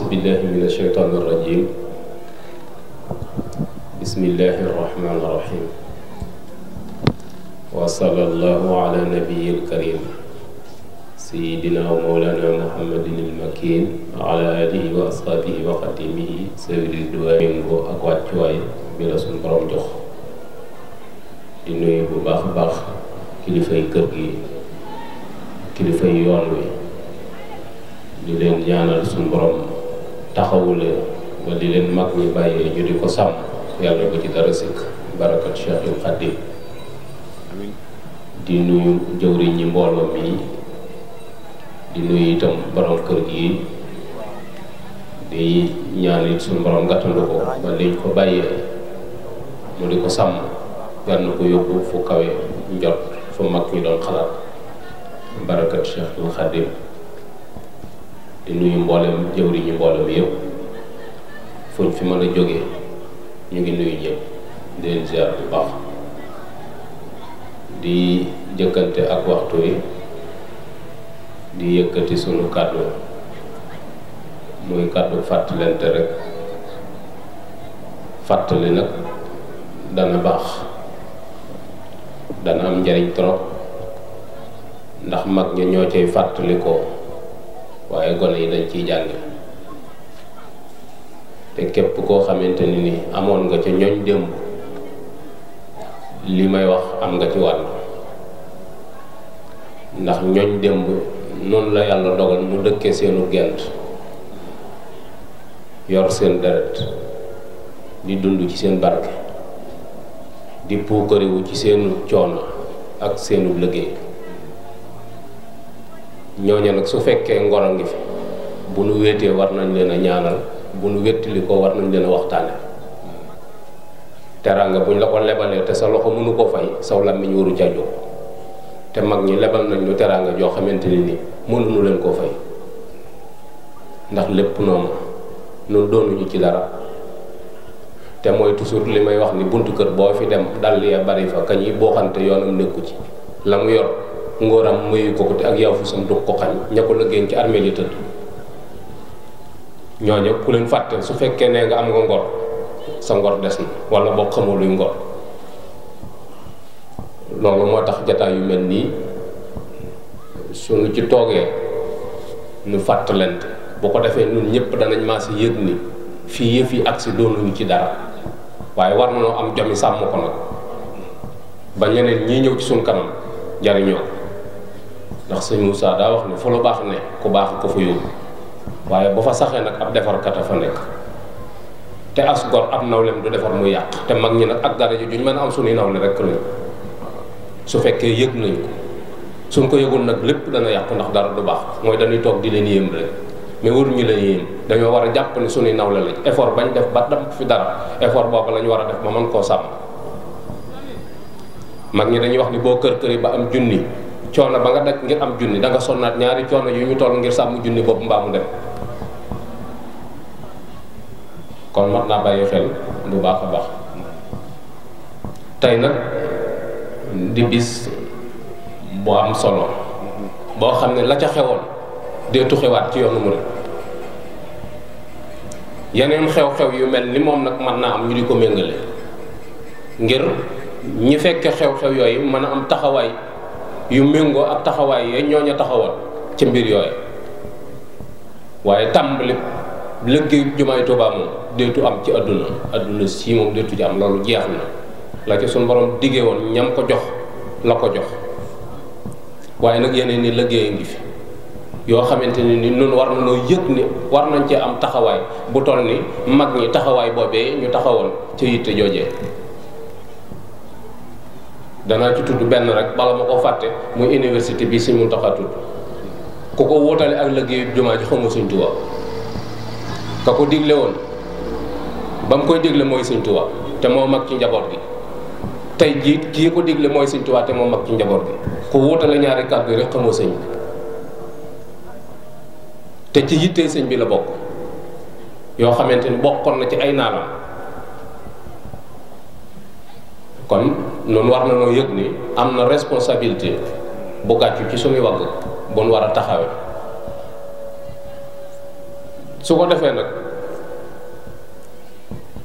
أعوذ بالله من الشيطان الرجيم بسم الله الرحمن الرحيم وصلى الله على نبي الكريم سيدنا ومولانا محمد المكين على آله وأصحابه وقديمه سيد الدوائم وأقوى جواي برسول سنبرم جخ di nuyu bu baax a baax kilifay kër gi kilifay yoon wi di leen ñaanal suñu borom taxawu leen ba di leen mag ñi bàyyee ñu di ko sàmm yàlla bu ci dara sikk barakat Cheikhul Khadim di nuyu jëwriñ ñi mbooloo mi di nuyu itam borom kër gi di ñaan it suñu borom gàttandu ko ba liñ ko bàyyee mu di ko sàmm yàlla na ko yóbbu fu kawe njot fu mag ñi doon xalaat barakat Cheikhul Khadim di nuyu mboolem jëwriñu mboolem yëpp fuñ fi mën a jógee ñu ngi nuyu ñëpp di leen bu baax di jëkkante ak waxtu yi di yëkkati sunu kàddu muy kàddu fàttalente rek fàttali nag dana baax dana am njariñ trop ndax mag ñi ñoo cay fàttalikoo waaye gone yi dañ ciy jàng te képp koo xamante ni ni amoon nga ca ñooñ démb li may wax am nga ci wàll ndax ñooñ démb noonu la yàlla dogal mu dëkkee seenu gent yor seen deret di dund ci seen barke di puukariwu ci seenu coono ak seenu liggéey ñooñu nag su fekkee ngoro ngi fi bu nu wéetee war nañ leen a ñaanal bu nu wéttali ko war nañ leen a waxtaane teraanga buñ la ko lebalee te sa loxo mënu ko fay saw làmmiñ waru ca jóg te mag ñi lebal nañ lu teraanga joo xamante ni nii mënuñu leen koo fay ndax lépp noonu ñun doonuñu ci dara te mooy toujours li may wax ni buntu kër boo fi dem dal ya bari fa kañ yi boo xante yoonam nekku ci la mu yor ngóoram mayu ko ko te ak yaw fusam du ko xañ ña ko lëggéen ci armée li tëdd ñooñu ku leen fàtte su fekkee ne nga am nga ngor sa ngor des na wala boo xamoo luy ngor loolu moo tax jataay yu mel nii suñu ci toogee ñu fàttalante boo ko defee ñun ñëpp danañ maase yëg ni fii yëf yi agsi doonuñu ci dara waaye war nañoo am jomi sàmm ko nag ba ñeneen ñii ñëw ci suñ kanam jariñoo ndax sëñ Moussa daa wax ne fa lu baax ne ku baax ko fa yóbbu waaye ba fa saxee nag ab defarkat a fa nekk te as gor ab nawlem du defar muy yàq te mag ñi nag ak dara ji duñ mën a am suñuy nawle rek lañ su fekkee yëg nañu ko suñ ko yëgul nag lépp dana yàqu ndax dara du baax mooy dañuy toog di leen yéem rek mais waruñu leen yéem dañoo war a jàpp ne suñuy nawle lañ effort bañ def ba dam fi dara effort boobu lañu war a def ba mën koo sàmm mag ñi dañuy wax ni boo kër këri ba am junni coono ba nga daj ngir am junni da nga naat ñaari coono yu ñu toll ngir sàmm junni boobu mbaa mu dem kon mat naa bàyyi xel bu baax a baax tey nag di bis bu am solo boo xam ne la ca xewoon deetu xewaat ci yoonu murid yeneen xew-xew yu mel ni moom nag mën naa am ñu di ko méngale ngir ñi fekk xew-xew yooyu mën a am taxawaay yu méngoo ak taxawaay yooyu ñooñu taxawoon ci mbir yooyu waaye tàmbali liggéey jumaay Tuubaa moom deetu am ci àdduna àdduna sii moom deetu loolu jeex na la ci suñu borom diggee woon ñam ko jox la ko jox waaye nag yeneen ni liggéey ngi fi yoo xamante ne ni nun war na nañoo yëg ni war nañ ci am taxawaay bu toll ni mag ñi taxawaay boobee ñu taxawoon ci yitte joojee danaa ci tudd benn rek bala ma ko fàtte muy université bi Sëñ Muntaxa tudd ku ko wóotale ak liggéeyu jumaa ji xamul Sëñ Tuubaa ka ko digle woon ba mu koy digle mooy Sëñ Tuubaa te moo mag ci njaboot gi tey jii kii ko digle mooy Sëñ Tuubaa te moo mag ci njaboot gi ku wóotale ñaari kàddu rek xamoo sëñ bi te ci yittee sëñ bi la bokk yoo xamante ni bokkoon na ci ay naalam kon noonu wax na noo yëg ni am na responsabilité bu gàccu ci suñu wagg bu nu war a taxawe su ko defee nag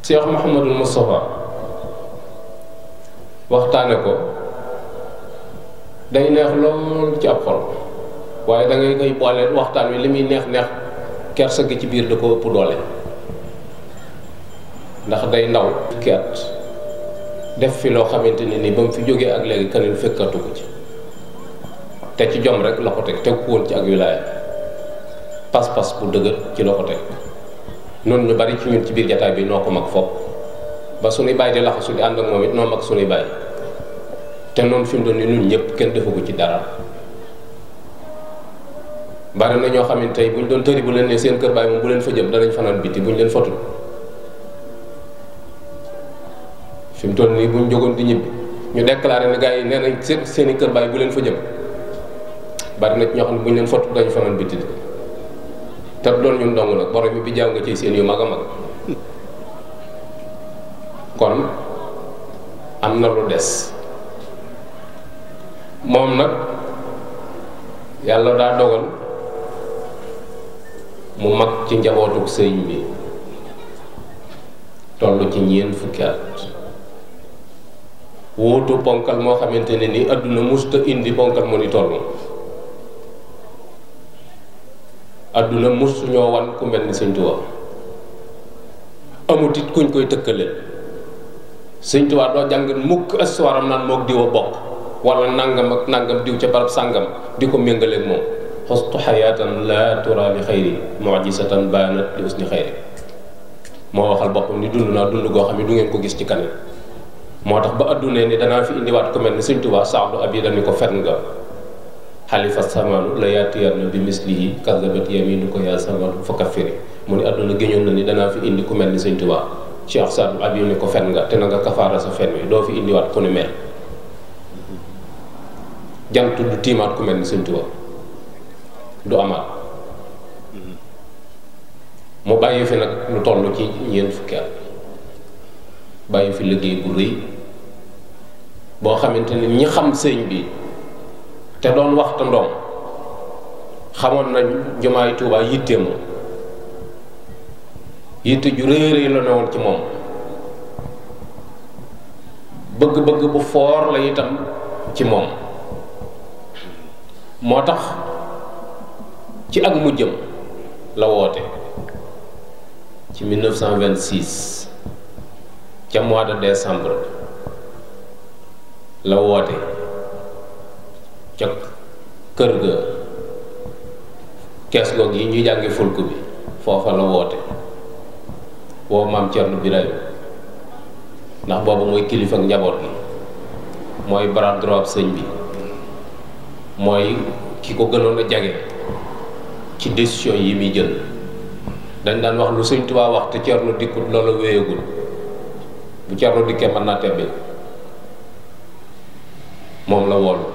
Cheikh Mouhamadul Moustapha waxtaane ko day neex lool ci ab xol waaye da ngay koy boole waxtaan wi li muy neex neex kersa gi ci biir da ko ëpp doole ndax day ndaw keet def fi loo xamante ne nii ba mu fi jógee ak léegi keneen fekkatu ko ci te ci jom rek la ko teg teg ko woon ci ak wilaaya pas-pas bu dëgër ci la teg noonu lu bari ci ñun ci biir jataay bi noo ko mag fopp ba suñuy bàyyi di laxasu di ànd moom it noo mag suñuy bàyyi te noonu fi mu doon ni nun ñëpp kenn defu ko ci dara bari na ñoo xam ne tey bu ñu doon tëri bu leen ne seen kër bàyyi moom bu leen fa jëm danañ fanaan biti bu ñu leen fotul fi mu nii bu ñu jógoon di ñibbi ñu déclaré ne gars yi nee nañ seen seen kër bàyyi bu leen fa jëm bari na ci ñoo xam bu ñu leen fottu dañu fanaan bitti te doon ñun dong la borom bi bi nga ci seen yu mag a mag kon am na lu des moom nag yàlla daa dogal mu mag ci njabootuk sëñ bi toll ci ñeent fukki at woto ponkal moo xamantene ni aduna musta indi ponkal mo ni tollu aduna musu ñoo wan ku mel ni sëñ Tuubaa amut it kuñ koy tëkkale sëñ tuwa doo jàng mukk aswaram naan moog diw a bokk wala nangam ak nangam diw ca barab sangam di ko méngaleeg moom xostu xayaatan laa tura li xayri mujisatan baanat li usni xayri moo waxal boppam ni dund naa dund goo du ngeen ko gis ci kanam moo tax ba adduna ni danaa fi indiwaat ku mel ni Sëñ Tuubaa saxdu ab yi dañu ko fen nga xalifa samanu la yaatiyan na bi mislihi kazabat yaminu ko yaa samanu fa kafiri mu ni adduna géñoon na ni danaa fi indi ku mel ni Sëñ Tuubaa Cheikh Saadu ab yi ni ko fen nga te na nga kafaara sa fen wi doo fi indiwaat ku ni mel jant du tiimaat ku mel ni Sëñ Tuubaa du amaat mu bàyyi fi nag lu toll ci ñeent fukki bàyyi fi liggéey bu rëy boo xamante ne ñi xam sëñ bi te doon waxtu ndoom xamoon nañ jumaay Tuubaa yitte mu yitte ju rëy rëy la newoon ci moom bëgg-bëgg bu foor la itam ci moom moo tax ci ak mujjëm la woote ci 1926 ca mois de décembre la woote ca kër ga kees goog yi ñuy jàngi fulk bi foofa la woote woo maam Cerno Birahim ndax boobu mooy kilifa ak njaboot gi mooy bras droit sëñ bi mooy ki ko gënoon a jage ci décision yi muy jël dañ daan wax lu sëñ Tuubaa wax te Cerno dikkut loolu wéyagul bu Cerno dikkee mën naa tebbi moom la woolu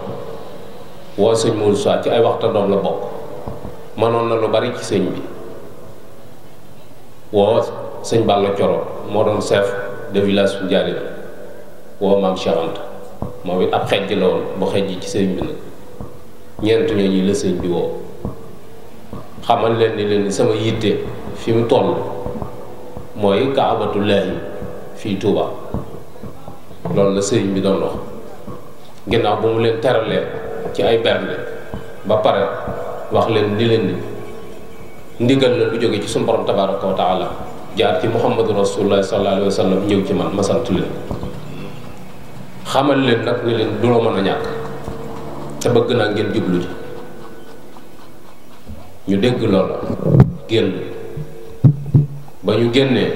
woo sëñ Moussa ci ay waxtaanam la bokk mënoon na lu bari ci sëñ bi woo sëñ Balla Coro moo doon chef de village bu Njaari woo maam Cheikh Anta moom ab xejj la woon bu xejj ci sëñ bi nag ñeent ñooñu la sëñ bi woo xamal leen ni leen sama yitte fi mu toll mooy kaabatullaahi fii Touba loolu la sëñ bi doon wax ginnaaw ba mu leen teralee ci ay bernde ba pare wax leen ni leen ni ndigal la lu jóge ci suñu borom tabaraka wa jaar ci muhammadu rasulullah sallallahu alayhi wa sallam ñëw ci man ma sant leen xamal leen nag ni leen du loo mën a ñàkk te bëgg naa ngeen jublu ci ñu dégg loola génn ba ñu génnee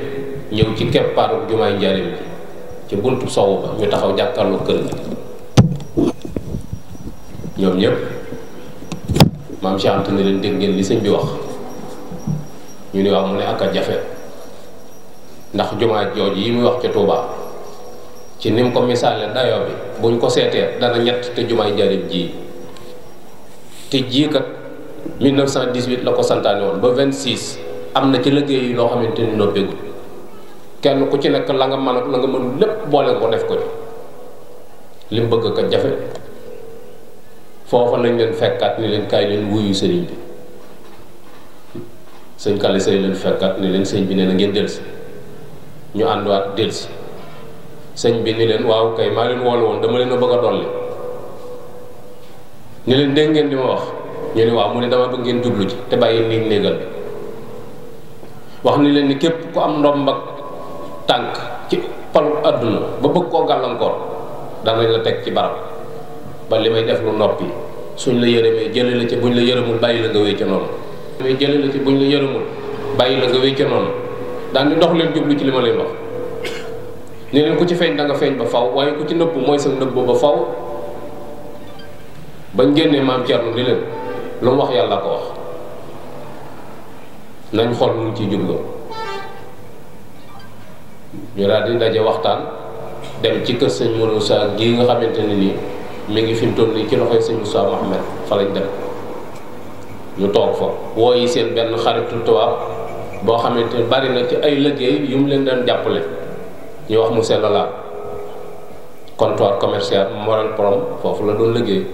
ñëw ci keppaaru jumaay njariñ bi ci buntu sowu ba ñu taxaw jàkkaarloo kër gi ñoom ñëpp maam Cheikh Anta ne leen dégg ngeen li sëñ bi wax ñu ni waaw mu ne ak jafe ndax jumaa jooj yi muy wax ca Touba ci ni ko misaale dayoo bi buñ ko seetee dana ñett te jumaay njariñ ji te jii kat 1918 la ko santaane woon ba 26 am na ci liggéey yi loo xamante ni noppeegul kenn ku ci nekk la nga mën ak la nga mënul lépp boole ko def ko ci li bëgg kat jafe foofa lañ leen fekkat ni leen kay leen wuyu serigne bi sëñ kale sey leen fekkat ni leen sëñ bi neena ngeen delsi ñu ànduwaat delsi sëñ bi ni leen waaw kay ma leen wol won dama leen a bëgg dolli ni leen deeng ngeen dima wax ñu ni waaw mu ne dama bëgg ngeen dublu ci te bàyyi ni neegal bi wax ni leen ni képp ku am ndom ak tànk ci palu àdduna ba bëgg koo gàllankoor danañ la teg ci barab ba li may def lu noppi suñ la yërëmee jële la ca buñ la yërëmul bàyyi la nga wéy ca noonu may jëlee la ca buñ la yërëmul bàyyi la nga wéy ca daan ndox leen jublu ci li ma leen wax ne leen ku ci feeñ da nga feeñ ba faw waaye ku ci nëbbu mooy sa nëbb ba faw bañ génnee maam Thierno ni leen lu mu wax yàlla ko wax nañ xool nu mu ciy jubloo ñu daal di daje waxtaan dem ci kër sëñ sa gii nga xamante ne nii mi ngi fi mu toll nii ci loxoy sëñ Moussa Mohamed fa lañ dem ñu toog fa woo yi seen benn xaritu tubaab boo xamante ne bari na ci ay liggéey yu mu leen daan jàppale ñu wax monsieur Lala comptoir commercial Morel Prom foofu la doon liggéey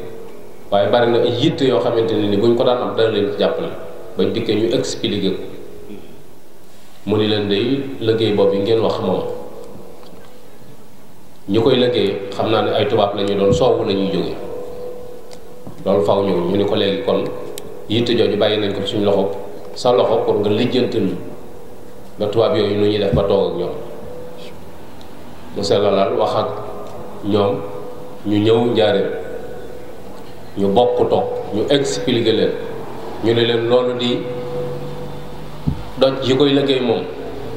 waaye bari na ay yoo xamante ne ni buñ ko daan am dana leen ci jàppale bañ dikkee ñu expliqué ko mu ni leen day liggéey boobu yi ngeen wax moom. ñu koy liggéey xam naa ne ay tubaab la ñu doon soowu la ñuy jóge loolu faw ñëw ñu ni ko léegi kon yitte jooju bàyyi nañ ko suñu loxo sa loxo pour nga lijjantil ba tubaab yooyu nu ñuy def ba toog ak ñoom monsieur Lalal wax ak ñoom ñu ñëw njaareem ñu bokk toog ñu expliquer leen ñu ne leen loolu di doj yi koy liggéey moom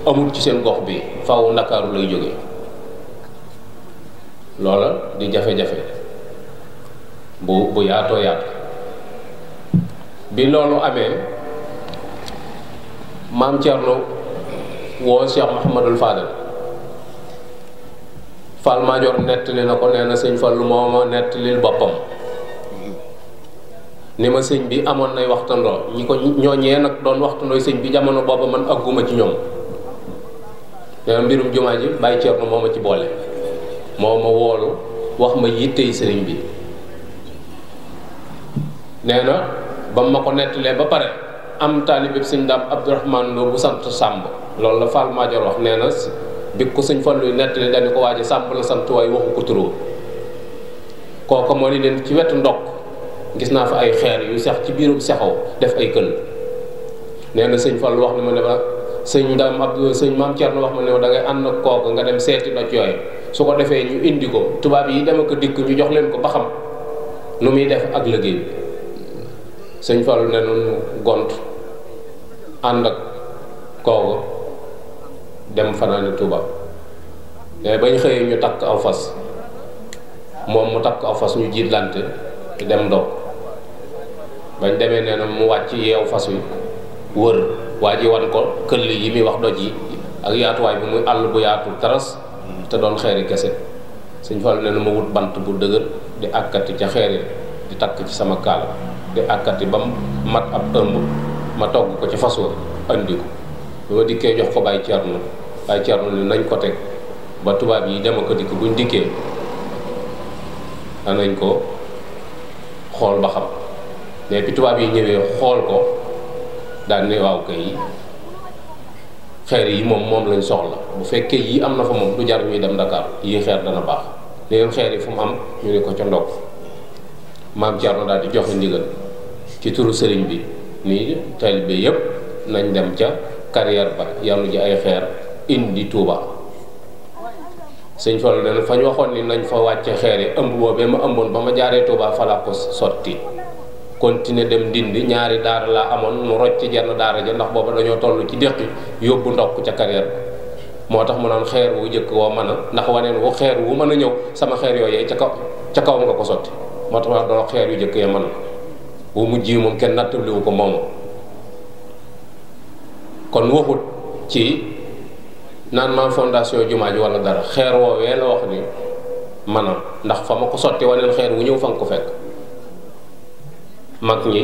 amul ci seen gox bi faw ndakaaru lay jóge loola di jafe-jafe bu bu yaatoo yaatu bi loolu amee maam Thierno woo Cheikh Mouhamadul Fadal Fall Madior nettali na ko nee na sëñ Fallu moo ma nettalil boppam ni ma sëñ bi amoon nay waxtandoo ñi ko ñooñee nag doon waxtandooy sëñ bi jamono booba man agguma ci ñoom nee na mbirum jumaa ji bàyyi Thierno moo ci boole moo ma woolu wax ma yittey sëriñ bi nee na ba ma ko nettalee ba pare am taalibeb sëñ daam Abdourahman Lo bu sant sàmb loolu la Fall Madior wax nee na bi ko sëñ Fallu nettali dañu ko waaje sàmb la sant waaye waxu ko turoo kooka moo ni leen ci wetu ndokk gis naa fa ay xeer yu sex ci biirum sexaw def ay këll nee na sëñ Fallu wax ne ma ne ma sëñ daam Abdou sëñ maam Thierno wax ma ne ma da ànd ak kooka nga dem seeti doj yooyu su ko defee ñu indi ko tubaab yi dama ko dikk ñu jox leen ko ba xam nu muy def ak liggéey bi sëñ ne nu gont ànd ak kooku dem fanaani tubaab mais eh, bañ xëyee ñu takk aw fas moom mu takk aw fas ñu jiit jiitlante dem doog bañ demee nee na mu wàcc yeew fas wi wër waa ji wan ko këll yi muy wax doj yi ak yaatuwaay bi muy àll bu yaatu taras te doon xeeri kese sëñ Fallu nee na ma wut bant bu dëgër di àkkati ca xeeri di takk ci sama kaala di àkkati ba mat ab ëmb ma togg ko ci fas wa andi dikkee jox ko Baay Cerno Baay Cerno ni nañ ko teg ba tubaab yi dem ko dikk buñ dikkee danañ ko xool ba xam mais bi tubaab yi ñëwee xool ko daan ne waaw kay xeer yi moom moom lañ soxla bu fekkee yii am na fa moom lu jar ñuy dem ndakaar yii xeer dana baax léegi xeer yi fu mu am ñu ne ko ca ndokk maam Thierno daal di joxe ndigal ci turu sëriñ bi nii bi yépp nañ dem ca carrière ba yàlla ji ay xeer indi tuuba sëñ Fallu leen fañ waxoon ni nañ fa wàcce xeer yi ëmb boobee ma ëmboon ba ma jaaree Touba fa la ko sotti continuer dem ndindi ñaari daara laa amoon mu rocc jenn daara ja ndax booba dañoo tollu ci déqi yóbbu ndokk ca carrière moo tax mu naan xeer wu jëkk woo mën a ndax waneen wu xeer wu mën a ñëw sama xeer yooyee ca kaw ca kaw nga ko sotti moo tax ma doon xeer yu jëkk ya mën wu mujj yi moom kenn nattabliwu ko moomu kon waxut ci naan maa fondation jumaa ji wala dara xeer woowee la wax ni maanaam ndax fa ma ko sotti waneen xeer wu ñëw fan ko fekk mag ñi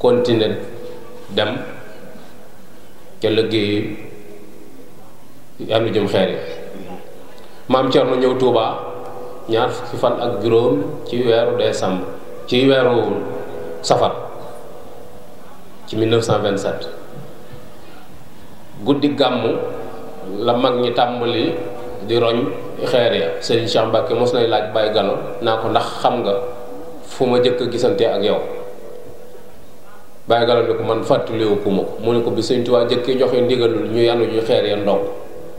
continuer dem ca liggéey am na xeer ya maam Cerno ñëw tuuba ñaar fukki fan ak juróom ci weeru décembre ci weeru safar ci 1927 guddi gàmmu la mag ñi tàmbali di roñ xeer ya Serigne Cheikh Mbacké mos nay laaj Baye Gallo naa ko ndax xam nga fu ma jëkk a gisante ak yow bàyyi galam ne ko man fàttaliwu ku ma ko mu ne ko bi sëñ Tuubaa jëkkee joxe ndigalul ñu yanu ñu xeer ya ndox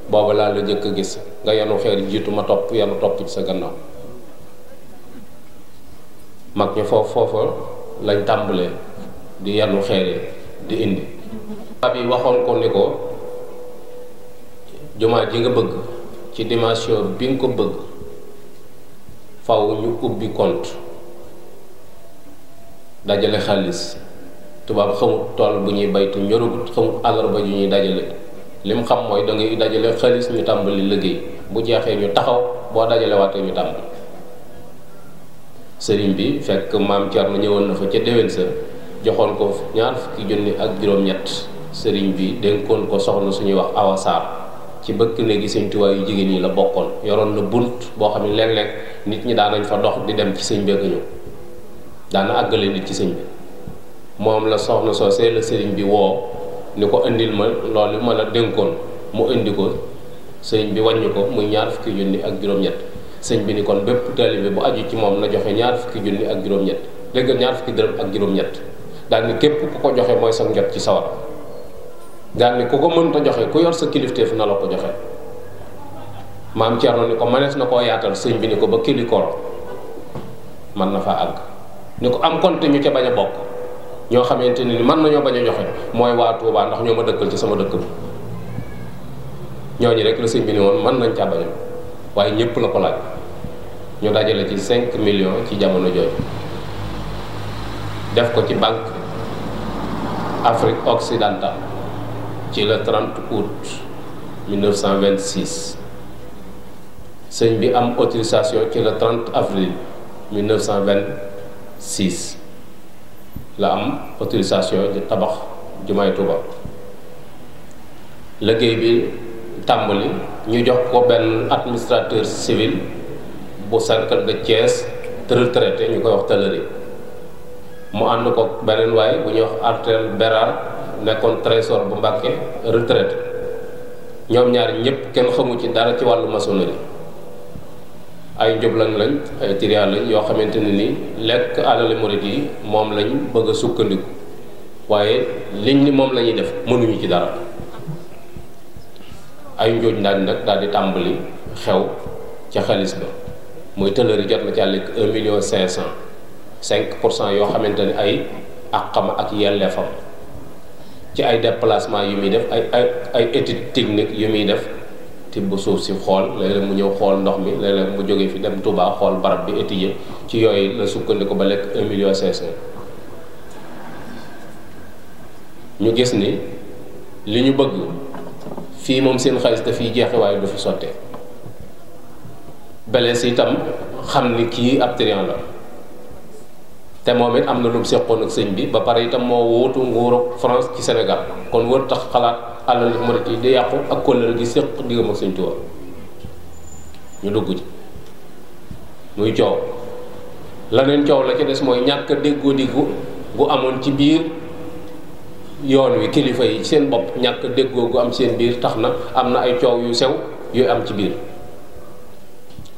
booba laa la jëkk a gis nga yanu xeer jiitu ma topp yanu topp ci sa gannaaw mag ñu foofu foofa lañ tàmbalee di yanu xeer yi di indi ab yi waxoon ko ni ko jumaa ji nga bëgg ci dimension bi nga ko bëgg faw ñu ubbi compte dajale xaalis tubaab xamut tool bu ñuy baytu ñorugut xamut ba ju ñuy dajale lim xam mooy da ngay dajale xaalis ñu tàmbali liggéey bu jeexee ñu taxaw boo dajale waatee ñu tàmbali sëriñ bi fekk maam Thierno ñëwoon na fa ca déwén sa joxoon ko ñaar fukki junni ak juróom-ñett sëriñ bi dénkoon ko soxna suñuy wax awa ci bëkk néegi sëñ Tuubaa yu jigéen ñi la bokkoon yoroon na bunt boo xam ne léeg-léeg nit ñi daanañ fa dox di dem ci sëñ bëgg ñëw daana àggale nit ci sëñ bi moom la soxna soosee la sëriñ bi woo ni ko indil ma loolu ma la dénkoon mu indi ko sëriñ bi wàññi ko muy ñaar fukki junni ak juróom-ñett sëñ bi ni kon bépp taalibe bu aju ci moom na joxe ñaar fukki junni ak juróom-ñett dégg ñaar fukki dërëm ak juróom-ñett daal képp ku ko joxe mooy sa njot ci sawar daal ni ku ko mënta joxe ku yor sa kilifteef na la ko joxe maam Thierno ni ko na koo yaatal sëñ bi ni ko ba kilikoor mën na faa àgg ñu ko am compte ñu ca bañ a bokk ñoo xamante ni mën nañoo bañ a joxe mooy waa Touba ndox ñoo ma dëkkal ci sama dëkk bi ñooñu rek la sëñ bi ni woon mën nañ caa bañ waaye ñëpp la ko laaj ñu dajale ci 5 millions ci jamono jooju def ko ci banque Afrique occidentale ci le 30 août 1926 sëñ bi am autorisation ci le 30 avril 1920. six la am autorisation di tabax jumaay Tuuba liggéey bi tàmbali ñu jox ko benn administrateur civil bu cercle de Thiès te retraité ñu koy wax tëlëri mu ànd ko beneen waaye bu ñuy wax Artel Bérard nekkoon trésor bu Mbàkke retraité ñoom ñaar ñëpp kenn xamu ci dara ci wàllu maçonnerie ay njublaŋ lañ ay tiriyaa yoo xamante ne ni lekk alali murid yi moom lañ bëgg a sukkandiku waaye liñ ni moom la ñuy def mënuñu ci dara ay njooj ndaaj nag daal di tàmbali xew ca xaalis ba mooy tëlëri jot ma ca lekk un million cinq cent cinq pour cent yoo xamante ni ay àqam ak yelleefam ci ay déplacement yu muy def ay ay ay études techniques yu muy def tibb suuf si xool léeg-léeg mu ñëw xool ndox mi léeg-léeg mu jógee fi dem Touba xool barab bi étudier ci yooyu la sukkandiku ba lekk un million cinq cent ñu gis ni li ñu bëgg fii moom seen xaalis dafiy jeexe waaye du fi sottee belees itam xam ni kii ab la te moom it am na lu mu seqoon ak sëñ bi ba pare itam moo wóotu nguuru France ci senegal kon wër tax xalaat alal murit yi di yàqu ak kóllëre gi séq diggam ak sëñ Tuubaa ñu dugg ci muy coow laneen coow la ci des mooy ñàkk a déggoo diggu gu amoon ci biir yoon wi kilifa yi seen bopp ñàkk déggoo gu am seen biir tax na am na ay coow yu sew yu am ci biir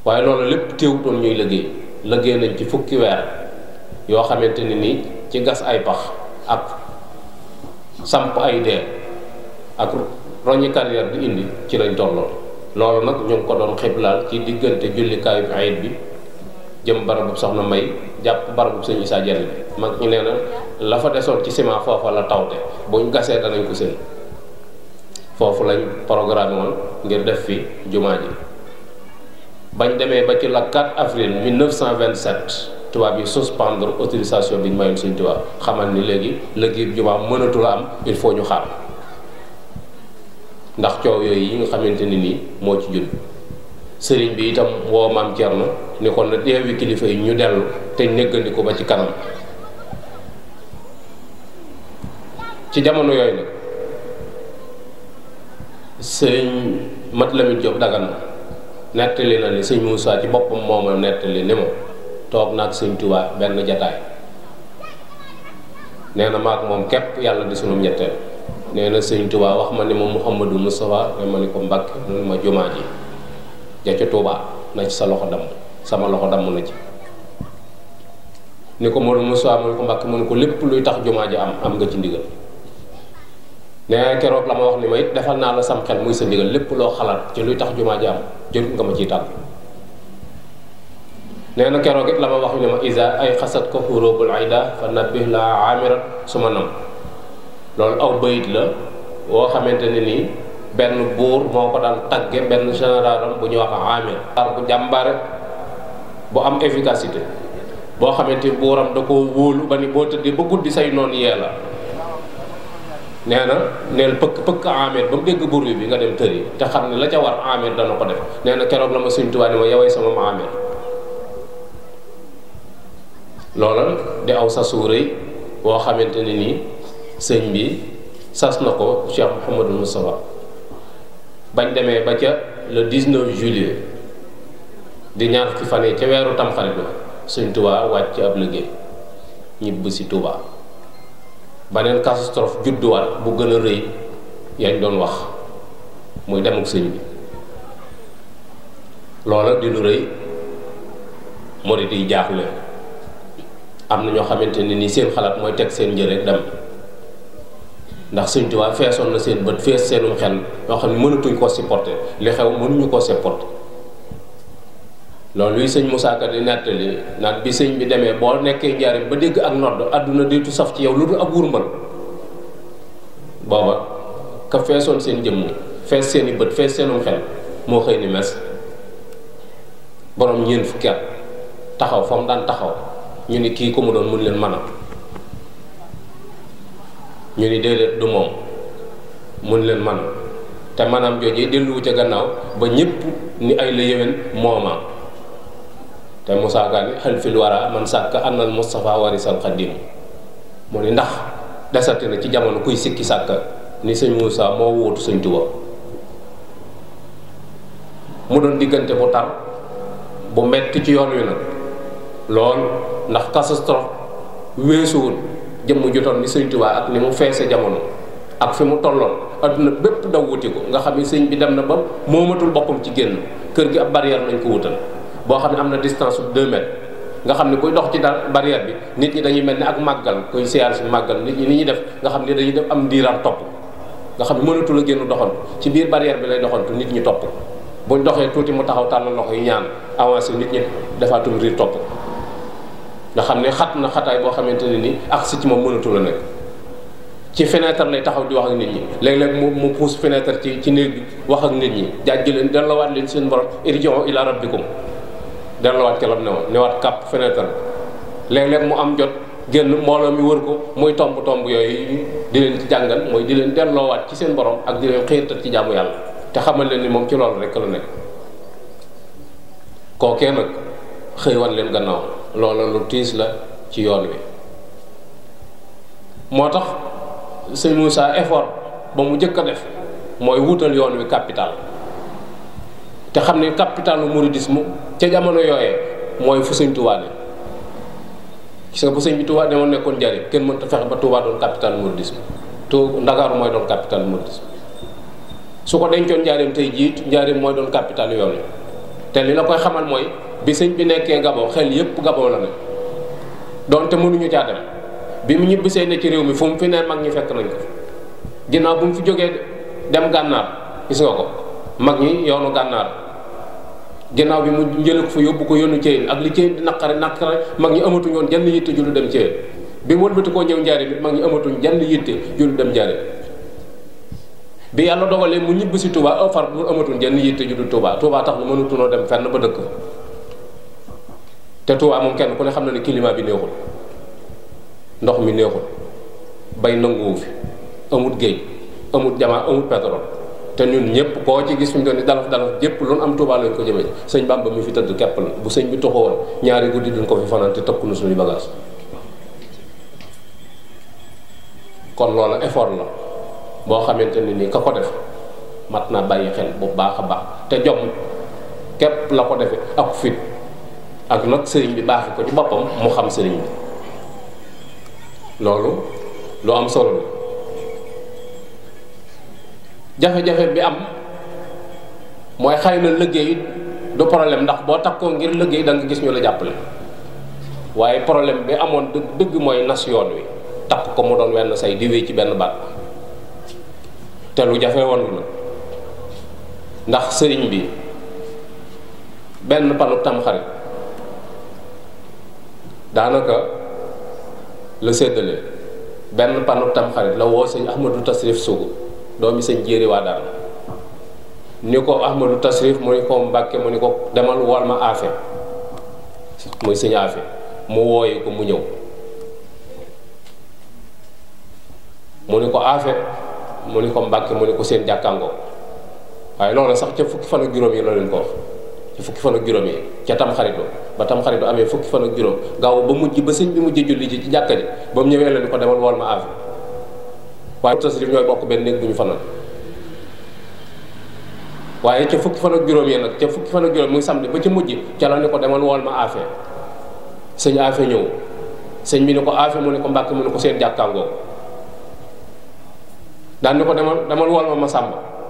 waaye loolu lépp téewutoon ñuy liggéey liggéey nañ ci fukki weer yo xamanteni ni ci gas ay bax ak samp ay de ak roñi carrière bi indi ci lañ tollo lolu nak ñu ko doon xiblaal ci diggante julli kay bi ay bi jëm barabu soxna may japp barabu sëñ isa Diagne bi mag ñu nee la fa déssol ci ciment fofu la tawte buñ da nañ ko seen fofu lañ programme won ngir def fi jumaaji bañ démé ba ci la 4 avril 1927 tuba bi suspendre autorisation bi mayul mayoon tuba xamal ni legi liggéey jumaa mënatul am il faut ñu xam ndax ciow yoy ya, yi nga xamanteni ni mo ci jull sëriñ bi itam wo mam Cerno ni kon na dewi ya, kilifa yi ñu del te ko ba ci kanam ci jamono yoy nak sëñ Mat job Jóob Dagana nettali na ni sëñ moussa ci bopam moo ma ni mo toog naag seigne touba ben jotaay neena na maag moom képp yàlla di sunu ñette neena seigne touba wax ma ni mom Muhammadu Mustafa ne ma ni ko mbak ñu ma jumaa ji ja ca touba na ci sa loxo dam sama loxo dam na ci ni ko Modu Mustafa mu ko mbak mo ko lepp luy tax jumaa ji am am nga ci ndigal ne kérok la ma wax ni may defal na la sam xel muy sa ndigal lepp lo xalat ci luy tax jumaa ji am jël nga ma ci tàgg neena kero it la ma wax ni ma isa ay khasat ko hurubul aida fa nabih la amira suma nam lol aw beuyit la wo xamanteni ni ben bour moko dal tagge ben généralam bu ñu wax amir ar bu jambar bu am efficacité bo xamanteni bouram da ko wóolu ba ni teddi bu guddi say non yela iya neena neel pek pek amir bam mu bour bi nga dem tëri te la ca war amir na ko def neena kero keroog la ma suñ ma yaway sama amir loola di aw sasu rëy woo xamante ne nii sëñ bi sas na ko Cheikh Mouhamadou Moustapha bañ demee ba ca le 19 juillet di ñaar fukki fan yi ca weeru tamxarit ba sëñ Tuubaa wàcc ab liggéey ñibb si Tuubaa beneen catastrophe judduwaat bu gën a rëy yañ doon wax muy dem sëñ bi loola di lu rëy di yi jaaxle am na ñoo xamante ne ni seen xalaat mooy teg seen njël rek dem ndax Sëñ Tuubaa feesoon na seen bët fees seenum xel xam ne mënatuñ koo supporter li xew mënuñu koo supporter loolu sëñ Moussa Ka di nettali bi sëñ bi demee boo nekkee njariñ ba dégg ak nodd àdduna déetu saf ci yow lu dul ab wurmbal booba ka seen jëmm fees seeni bët fees seenum xel moo xëy ni mes boroom ñeent fukki at taxaw fa mu daan taxaw ñu ni kii ku mu doon mun leen mën ñu ni déedéet du moom mun leen mën a te maanaam jooju delluwu ca gannaaw ba ñépp ni ay la yéwén moomaam te Moussa Ka ni xel fil wara man sàkk annal Moustapha warisal xaddim mu ni ndax desati na ci jamono kuy sikki sàkka ni sëñ Moussa moo wóotu sëñ Tuubaa mu doon diggante bu tar bu metti ci yoon wi nag lool ndax catastrophe weesuwul jëmm jotoon ni sëñ tubaa ak ni mu feese jamono ak fi mu tolloon aduna bépp daw wuti ko nga xam ni sëñ bi dem na ba moomatul boppam ci génn kër gi ab barrière lañ ko wutal boo xam ne am na distance bu 2 mètres nga xam ne kuy dox ci dal barrière bi nit ñi dañuy mel ni ak màggal kuy siyaar si màggal nit ñi ni ñuy def nga xam ne dañuy def am ndiiraam topp nga xam ne mënatul a génn doxantu ci biir barrière bi lay doxantu nit ñi topp buñ doxee tuuti mu taxaw tàllal loxo yi ñaan avancé nit ñi defaatum riir topp nga xamne ne xat na xataay bo xamanteni ni ak ci mom mënatu la nek ci fenêtre lay taxaw di wax ak nit ñi leg leg mu mu pousse fenêtre ci ci neeg bi wax ak nit ñi jaaj leen wat leen seen borom irjo ila rabbikum kelam ne lam ne wat kap fenêtre leg leg mu am jot genn mbolo mi wër ko moy tomb tomb yoy di leen ci jangal moy di leen wat ci seen borom ak di leen xiirtat ci jaamu yalla te xamal leen ni mom ci lool rek la nekk kookee nag xey wat leen gannaaw loola lu tiis la ci yoon wi moo tax sëñ Moussa effort ba mu njëkk def mooy wutal yoon wi capital te xam ne capitalu mouridisme ca jamono yooyee mooy fu sëñ Touba ne gis nga bu sëñ bi Touba demoon nekkoon njariñ kenn mënta fexe ba Touba doon capital mouridisme to Ndakaaru mooy doon capital mouridisme su ko dencoon njaareem tey jiit njaareem mooy doon capital yoon wi te li la koy xamal mooy bi sëñ bi nekkee Gabon xel yëpp Gabon la ne donte mënuñu caa dem bi mu ñibbisee ne ci réew mi fu mu fi ne mag ñi fekk nañ ko ginnaaw bu mu fi jógee dem gànnaar gis ko mag ñi yoonu gànnaar ginnaaw bi mu njële ko fa yóbbu ko yoonu Thiel ak li Thiel di naqare naqare mag ñi amatuñu woon jenn yitte ju lu dem Thiel bi mu koo ñëw njaare bi mag ñi amatuñ jenn yitte ju dem njaare bi yàlla dogalee mu ñibbisi Touba far mu amatuñ jenn yitte ju dul Touba Touba tax lu mënutunoo dem fenn ba dëkk te Touba moom kenn ku ne xam na ne climat bi néexul ndox mi néexul bay nanguwu fi amut géej amut jamaa amut pétrole te ñun ñëpp koo ci gis fi mu doon ni dalaf dalaf jëpp lu am Touba lañ ko jëmee sëñ Bamba mu fi tëdd kepp la bu sëñ bi toxowoon ñaari guddi duñ ko fi fanaan te tëkku na suñu bagage kon loola effort la boo xamante ne nii ka ko def mat naa bàyyi xel bu baax a baax te jom képp la ko defee ak fit ak nag sëriñ bi baax ko ci boppam mu xam sëriñ bi loolu lu am solo la jafe-jafe bi am mooy xëy na liggéey du problème ndax boo takkoo ngir liggéey danga gis ñu la jàppale waaye problème bi amoon dëgg dëgg mooy nas yoon wi takk ko mu doon wenn say di ci benn baat te lu jafe woon la ndax sëriñ bi benn panu tamxarit daanaka la séddale benn panu tamxarit la woo sëñ ahmadou tasrif sugu doomi sëñ jéeri waa dara ni ko ahmadou tasrif mu ni ko mbàkke mu ni ko demal wol ma aafe muy sëñ aafe mu wooyu ko mu ñëw mu ni ko aafe mu ni ko mbàkke mu ni ko seen jàkkaango waaye loolu sax ca fukki fan ak juróom yi la leen ko ci fukki fan ak juróom yi ca tam xaritu ba tam xaritu amee fukki fan ak juróom gaaw ba mujj ba sëñ bi mujj julli ji ci jàkka ji ba mu ñëwee la ni ko demal wool ma avi waaye tasrif ñooy waaye ca fukki fan juróom yi nag ca fukki fan ak juróom muy samedi ba ca mujj ca la ko demal wool ma afe sëñ afe ñëw sëñ bi ni ko afe mu ne ko mbàkk mu ne ko seen jàkkaangoo daan ni ko demal demal wool ma ma sàmba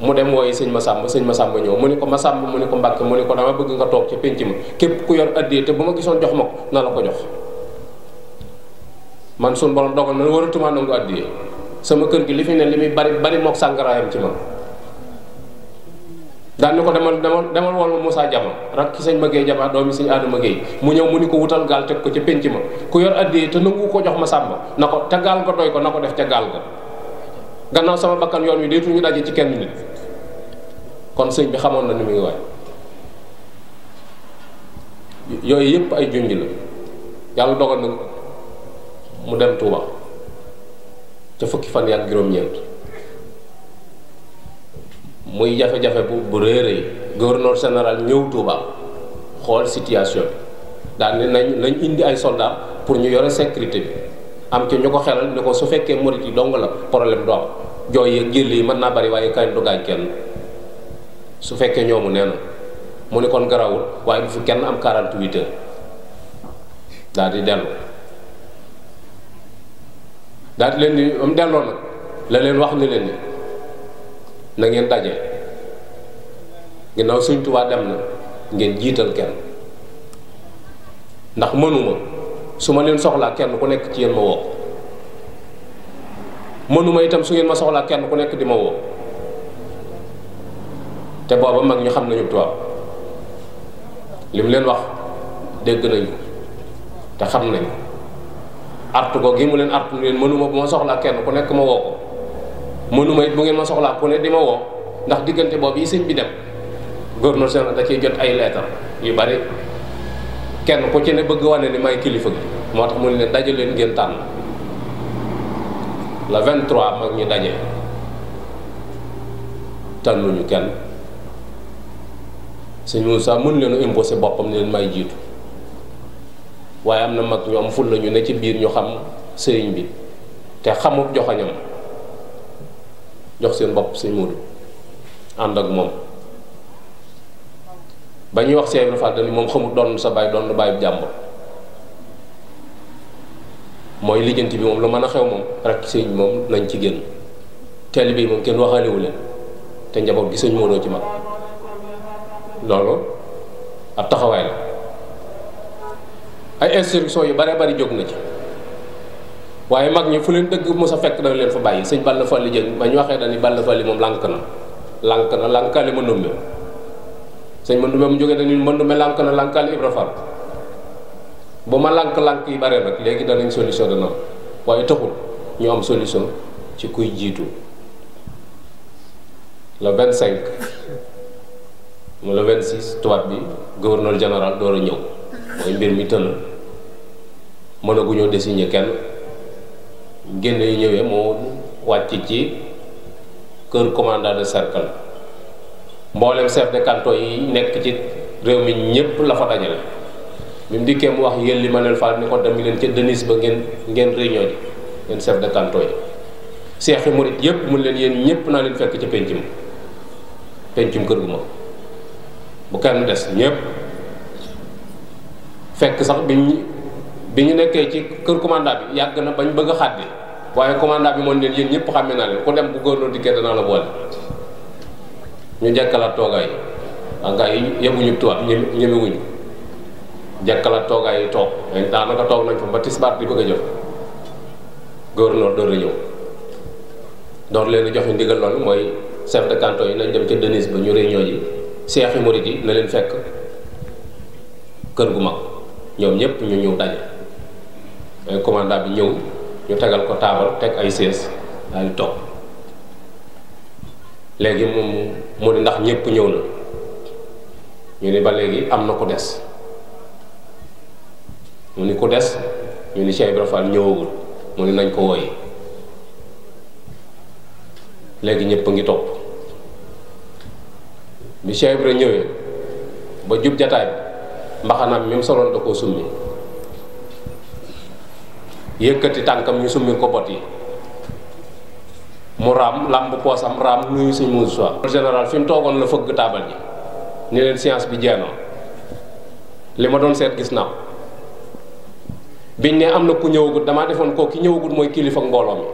mu dem woy ma sëñ Masamba ma Masamba ñëw mu ni ko ma Masamba mu ni ko Mbàkke mu ni ko dama bëgg nga toog ci pénc ma képp ku yor addee te bu ma gisoon jox ma ko na la ko jox man sun borom dogal na waratuma nangu addee sama kër gi li fi ne li muy bari bari mok sangaraayam ci man daan ni ko demal demal demal wol mo Moussa Jama rak ki sëñ Maguèye Jama doomi sëñ Adama Guèye mu ñew mu ni ko wutal gal tek ko ci pénc ma ku yor addee te nangu ko jox ma sàmba nako ko gal ko doy ko nako def ca gal ga gannaaw sama bakkan yoon wi deetu ñu dajje ci kenn nit kon sëñ bi xamoon na ni mu ngi waaj yooyu yépp ay junj la yàlla dogal na mu dem Touba ca fukki fan yaak juróom-ñeent muy jafe-jafe bu bu rëy rëy gouverneur général ñëw Touba xool situation bi daal ni nañ nañ indi ay soldats pour ñu yore sécurité bi am ca ñu ko xelal ni ko su fekkee murit yi dong la problème du am jooy yeeg jël yi mën naa bari waaye kañ du kenn. su fekkee ñoomu neenu mu ni kon garawul waaye bu fi kenn am 48 heures daal di dellu daal di leen di am delloo nag la leen wax ni leen ni na ngeen daje ginnaaw Sëñ Tuubaa dem na ngeen jiital kenn ndax mënuma su ma leen soxlaa kenn ku nekk ci yéen ma woo mënuma itam su ngeen ma soxlaa kenn ku nekk di ma woo te booba mag ñu xam nañu tubaab li mu leen wax dégg nañu te xam nañu artu ko gi mu leen artu leen mënuma bu ma soxlaa kenn ku nekk ma woo ko mënuma it bu ngeen ma soxlaa ku ne di ma woo ndax diggante boobu yi sëñ bi dem gouverneur général da ciy jot ay leetar yu bari kenn ku ci ne bëgg wane ni may kilifa gi moo tax mu ne leen daje leen ngeen tànn le 23 mag ñu daje tànnuñu kenn sëñ Moussa mënu leen a imposé boppam ne leen may jiitu waaye am na mag ñu am ful la ñu ne ci biir ñu xam sëriñ bi te xamut joxañam jox seen bopp sëñ Moodu ànd ak moom ba ñuy wax Seex Faal ni moom xamut doon sa baay doon baayu jàmbur mooy lijjanti bi moom lu mën a xew moom rek sëñ moom nañ ci génn teel bii moom kenn waxalewu leen te njaboot gi sëñ Moodu ci mag loolu ab taxawaay la ay instruction yu bare bari jóg na ci waaye mag ñi fu leen dëgg mos a fekk dañ leen fa bàyyi sëñ Balla Fally Dieng ba ñu waxee dañuy Balla Fally moom lànk na lànk na lànkaale ma ndumbe sëñ ma ndumbe mu jógee dañuy ma ndumbe lànk na lànkaale Ibra Fall bu ma lànk-lànk yi bare nag léegi danañ solution dana am waaye taxul ñu am solution ci kuy jiitu le 25 mu le 26 tubaab bi gouverneur général door a ñëw mooy mbir mi tënn mënaguñoo désigner kenn génn yu ñëwee moo wàcc ci kër commandant de cercle mboolem chef de canton yi nekk ci réew mi ñëpp la fa dajale bi mu dikkee mu wax yéen li Manuel Fall ni ko dem leen ci Denis ba ngeen ngeen réunion ji ngeen chef de canton yi mu murit yëpp mun leen yéen ñëpp naa leen fekk ca péncum péncum kër gu ma bu kenn des ñëpp fekk sax bi ñu bi nekkee ci kër commandant bi yàgg na bañ bëgg a xàddi waaye commandant bi moom leen yéen ñëpp xàmme naa leen ku dem bu góor loo dikkee danaa la boole ñu jekkalaat toogaay yi waa ngaa yi yëguñu tubaab toogaay yi toog daanaka toog nañ fa ba tisbaar di bëgg a jëf gouverneur door a ñëw door jox joxe ndigal loolu mooy chef de canton yi nañ dem ca Denise ba ñu réunion yi seexi murit yi na leen fekk kër gu mag ñoom ñëpp ñu ñëw daje ay commandant bi ñëw ñu tegal ko taabal teg ay sées daal di toog léegi moom mu ni ndax ñëpp ñëw na ñu ni ba léegi am na ku des mu ni ku des ñu ni Cheikh Ibra mu ni nañ ko wooyi léegi ñëpp a ngi topp bi Cheikh Ibra ñëwee ba jub jataay mbaxanam mi mu soloon da koo summi yëkkati tànkam ñu summi ko bot yi mu ram lamb poosam ram nuyu suñ mu soir général fi mu toogoon la fëgg taabal ji ni leen science bi jeenoo li ma doon seet gis naa biñ ne am na ku ñëwagut dama defoon ko ki ñëwagut mooy kilifa mbooloo mi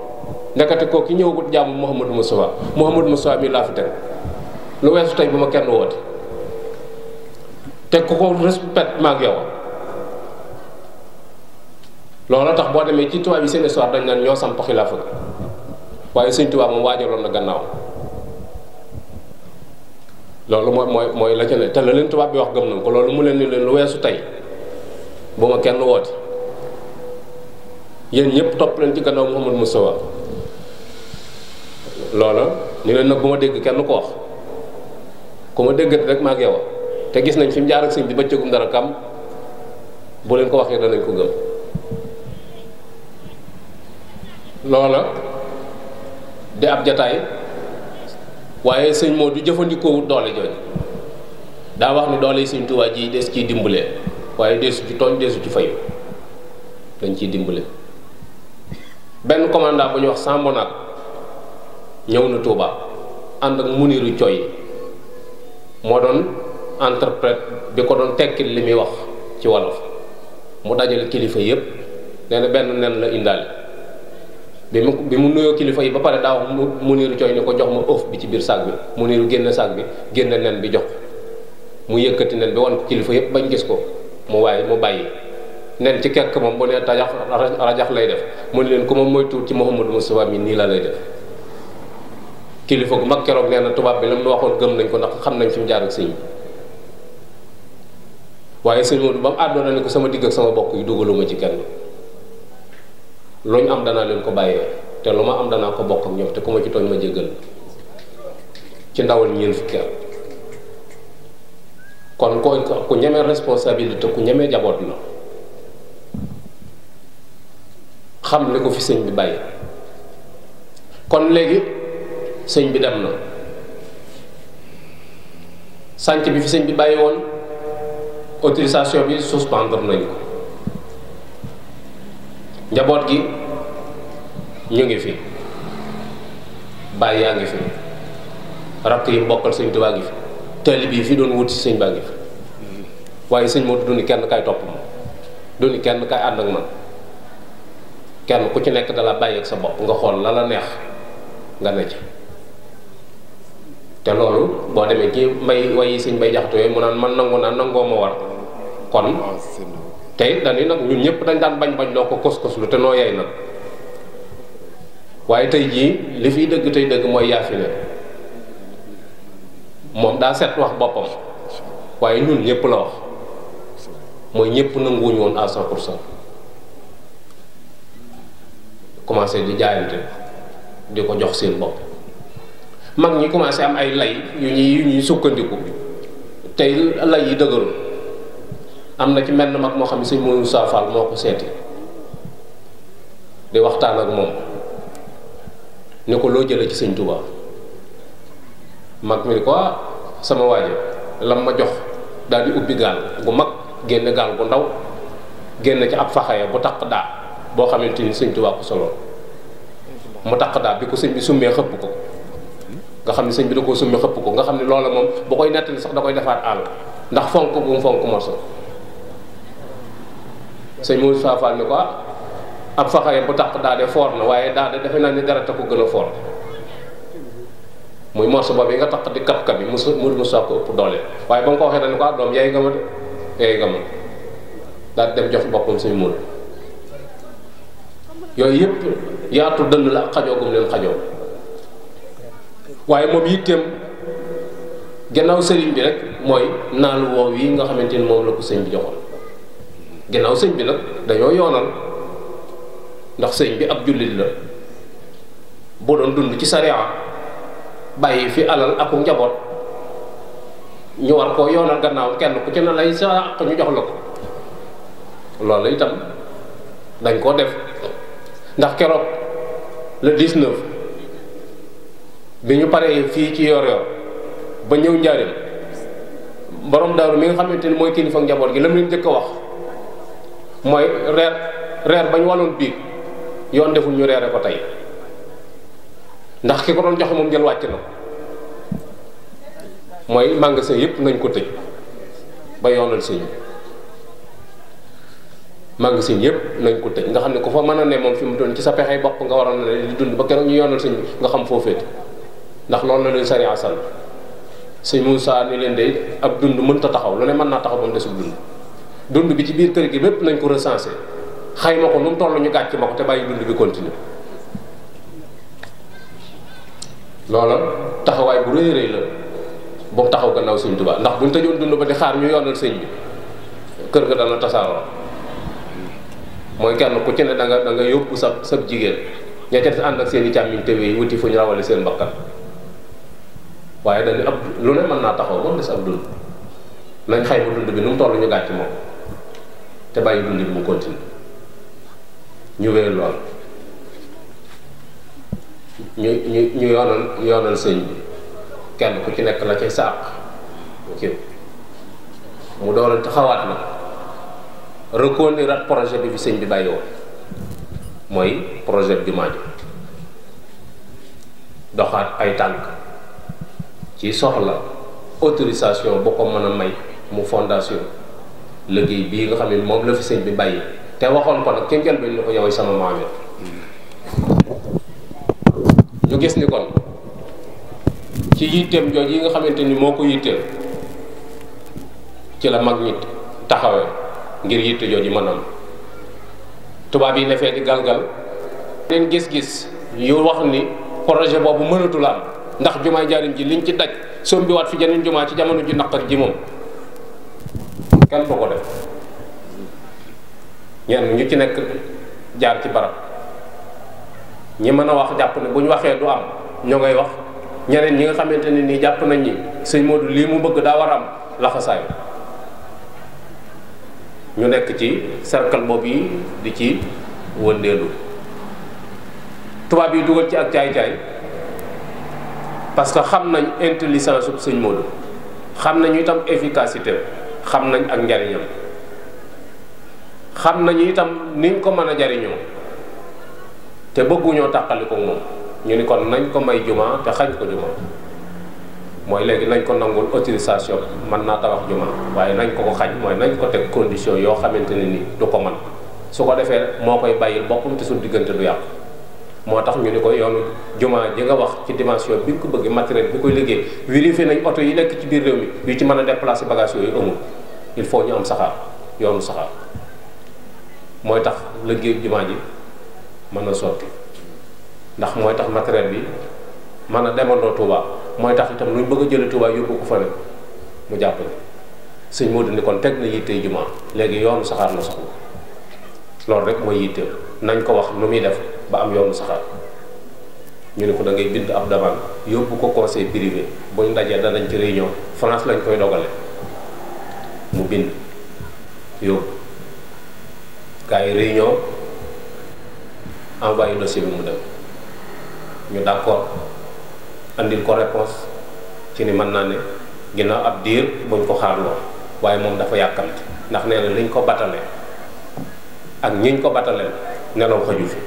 ndekete ko ki ñëwagut jàmm Mouhamadou Moustapha Mouhamadou Moustapha mi laa fi teg lu weesu tey bu ma kenn woote te ku ko respect ma ak yow loolu tax boo demee ci tubaab yi seen histoire dañ naan ñoo samp xilaafa waaye sëñ tubaab moom waajaloon na gannaaw loolu mooy mooy mooy la ca ne te la leen tubaab bi wax gëm nañ ko loolu mu leen ni leen lu weesu tey bu ma kenn woote yéen ñëpp topp leen ci gannaaw mu Moustapha loola ni leen nag bu ma dégg kenn ko wax ku ma dëggati rek maag yow te gis nañ fi mu jaar ak sëñ bi bëccëgum dara kam bu leen ko waxee danañ ko gëm loola di ab jataay waaye sëñ moo du jëfandikoowut doole jooju daa wax ni doole yi sëñ Tuubaa ji des ciy dimbale waaye desu ci tooñ desu ci fayu dañ ciy dimbale benn commandant bu ñu wax Sambonaat ñëw na Tuubaa ànd ak muniru coy moo doon interprète bi ko doon tekkil li muy wax ci wolof mu dajale kilifa yépp nee benn nen la indaale bi mu bi mu nuyoo kilifa yi ba pare daaw mu mu niiru cooy ni ko jox ma ëf bi ci biir saag bi mu niiru génn saag bi génn nen bi jox mu yëkkati nen bi wan ko kilifa yépp bañ gis ko mu waaye mu bàyyi nen ci kekk moom bu nee tajax rajax lay def mu ne leen ku ma moytuwul ci Mouhamadou Moustapha mi nii la lay def kilifa gu mag keroog nee na tubaab bi la mu waxoon gëm nañ ko ndax xam nañ fi mu jaar ak sëñ bi waaye sëñ Modou ba mu àddoona ne ko sama digg ak sama bokk yi dugaluma ci kenn lu ñu am danaa leen ko bàyyee te lu ma am dana ko bokk ak ñoom te ku ma ci tooñ ma jéggal ci ndawal ñeen fukki at kon ko ku ñemee responsabilité ku ñemee jaboot la xam li ko fi sëñ bi bàyyi kon léegi sëñ bi dem na sànc bi fi sëñ bi bàyyi woon autorisation bi suspendre nañ ko njaboot gi ñu ngi fi bàyyi yaa ngi fi rakk yi mbokkal sëñ Tuubaa ngi fi taalib yi fi doon wuti si sëñ baa ngi fi waaye sëñ moo du ni kenn kay topp ma du kenn kay ànd ak man kenn ku ci nekk dala bàyyi ak sa bopp nga xool la la neex nga ne ci te loolu boo demee ci mbay wayi sëñ bay jaxatu yooyu mu naan man nangu naa nangoo ma war kon ah, tey it dañuy nag ñun ñëpp dañ daan bañ bañ loo ko kos-kos lu te noo yay nag waaye tey jii li fiy dëgg tey dëgg mooy yaa fi moom daa set wax boppam waaye ñun ñépp la wax mooy ñëpp nanguwuñu woon à 100 pour cent commencé di jaayante di ko jox seen bopp. mag ñi commencé am ay lay yu ñuy yu ñuy sukkandiku tey lay yi dëgëru am na ci menn mag moo xam ne sëñ Moussa Fall moo ko seeti di waxtaan ak moom ni ko loo jëlee ci sëñ Touba mag mi ko ah, sama waajo la ma jox daal di ubbi gaal gu mag génn gaal bu ndaw génn ci ab faxaya bu taq daa boo xamante ni sëñ tubaa ko soloon mu taq daa bi ko sëñ bi summee xëpp ko nga xam ne sëñ bi da koo summi xëpp ko nga xam ne loola moom bu koy nettali sax da koy defaat àll ndax fonk bu fonk morso sëñ Moussa saafal ni ko ah, ab faxare bu tàq daade foor na waaye daade defe naa ni dara te ko gën a foor muy morso boobu yi nga taq di kap kap yi mu mu sa ko ëpp doole waaye ba mu ko waxee dañ ko ah, doom yaay nga ma de yaay nga ma daal def jox boppam sëñ Moussa yooyu yëpp yaatu dënd la ak xajoo gum leen xajoo waaye moom yitteem gannaaw sëriñ bi rek mooy naalu woow yi nga xamante ni moom la ko sëñ bi joxoon gannaaw sëñ bi nag dañoo yoonal ndax sëñ bi ab jullit la boo doon dund ci sariya bàyyi fi alal ak njaboot ñu war koo yoonal gannaaw kenn ku ci ne lay sa àq ñu jox la ko loolu itam dañ koo def ndax keroog le 19. bi ñu paree fii ci yor-yor ba ñëw njaarim borom daaru mi nga xamante ni mooy kilifa njaboot gi la mu leen njëkk wax mooy reer reer ba ñu wàlloon biig yoon deful ñu reere ko tey ndax ki ko doon joxe moom jël wàcc na mooy magasin yëpp nañ ko tëj ba yoonal sëñ magasin yëpp nañ ko tëj nga xam ne ku fa mën a ne moom fi mu doon ci sa pexey bopp nga waroon ne di dund ba keroog ñu yoonal sëñ nga xam foo féete ndax loolu la leen sariya sal sëñ Moussa ni leen de ab dund mënta taxaw lu ne mën naa taxaw ba mu desub dund dund bi ci biir kër gi bépp nañ ko recensé xayma ko nu mu toll ñu gàcc ma ko te bàyyi dund bi continuer loola taxawaay bu rëy rëy la ba mu taxaw gannaaw sëñ Tuubaa ndax buñ tëjoon dund ba di xaar ñu yoonal sëñ bi kër ga dana tasaaroo mooy kenn ku ci ne da nga da nga yóbbu sa sab jigéen ña ca des ànd ak seen i càmmiñ tewe yi wuti fu ñu rawale seen bakkan waaye dañu ab lu ne mën naa taxaw moom des ab dund nañ xayma dund bi nu mu toll ñu gàcc moom te bàyyi dund bi mu continue ñu wéy lool ñu ñu ñu yoonal yoonal sëñ bi kenn ku ci nekk la ci sàq kiw mu doon taxawaat na reconduire at projet bi bi sëñ bi bàyyi woon mooy projet bi jumaa doxaat ay tànk ci soxla autorisation bu ko mën a may mu fondation liggéey bii nga xam ne moom la fi sëñ bi bàyyi te waxoon ko a kenn jël bañ ko yow sama maam ñu gis ni kon ci yitteem jooj yi nga xamante ni moo ko yitteel ci la mag ñi taxawee ngir yitte jooju mën am tubaab yi ne fee galgal leen gis-gis yu wax ni projet boobu mënatul am ndax jumaa jaarim ji liñ ci daj sombi waat fi jeneen jumaa ci jamono ji ak ji moom kenn du ko def ñu ci nekk jaar ci barab ñi mën a wax jàpp ne bu ñu waxee du am ñoo ngay wax ñeneen ñi nga xamante ne nii jàpp nañ ni sëñ Modou lii mu bëgg daa war a am laxasaay ñu nekk ci cercle boobu yi di ci wëndeelu tubaab yi dugal ci ak caay-caay. parce que xam nañ intelligence bu sëñ Modou xam nañu itam efficacité xam nañ ak njariñam xam nañu itam niñ ko mën a jariñoo te bëgguñoo tàqali ko moom ñu ni kon nañ ko may juma te xañ ko juma mooy léegi nañ ko nangul autorisation mën naa tabax jumaa waaye nañ ko ko xañ mooy nañ ko teg condition yoo xamante ne ni du ko mën su ko defee moo koy bàyyil boppam te su diggante du yàqu moo tax ñu ni ko yoon jumaa ji nga wax ci dimension bi nga ko bëggee matériel bi koy liggéey vérifié nañ oto yi nekk ci biir réew mi yu ci mën a déplacer bagage yooyu amul il ñu am saxaar yoonu saxaar mooy tax liggéey jumaa ji mën na sotti ndax mooy tax matériel bi mën a demandoo Touba mooy tax itam lu bëgg a jëlee Touba yóbbu mu jàpp sëñ moo dindi kon teg na yittee jumaa léegi yoonu saxaar la loolu rek mooy yittee nañ ko wax nu muy def ba am yoonu saxaar ñu ne ko dangay ngay bind ab demande yóbbu ko conseil privé buñ ndajee danañ ci réunion France lañ koy dogale mu bind yóbbu gars yi réunion envoyé dossier mu dem ñu d'accord andil ko réponse ci ni mën naa ne ginnaaw ab diir buñ ko xaarloo waaye moom dafa yàkkamti ndax nee na liñ ko battalee ak ñiñ ko battalee nelaw xaju fi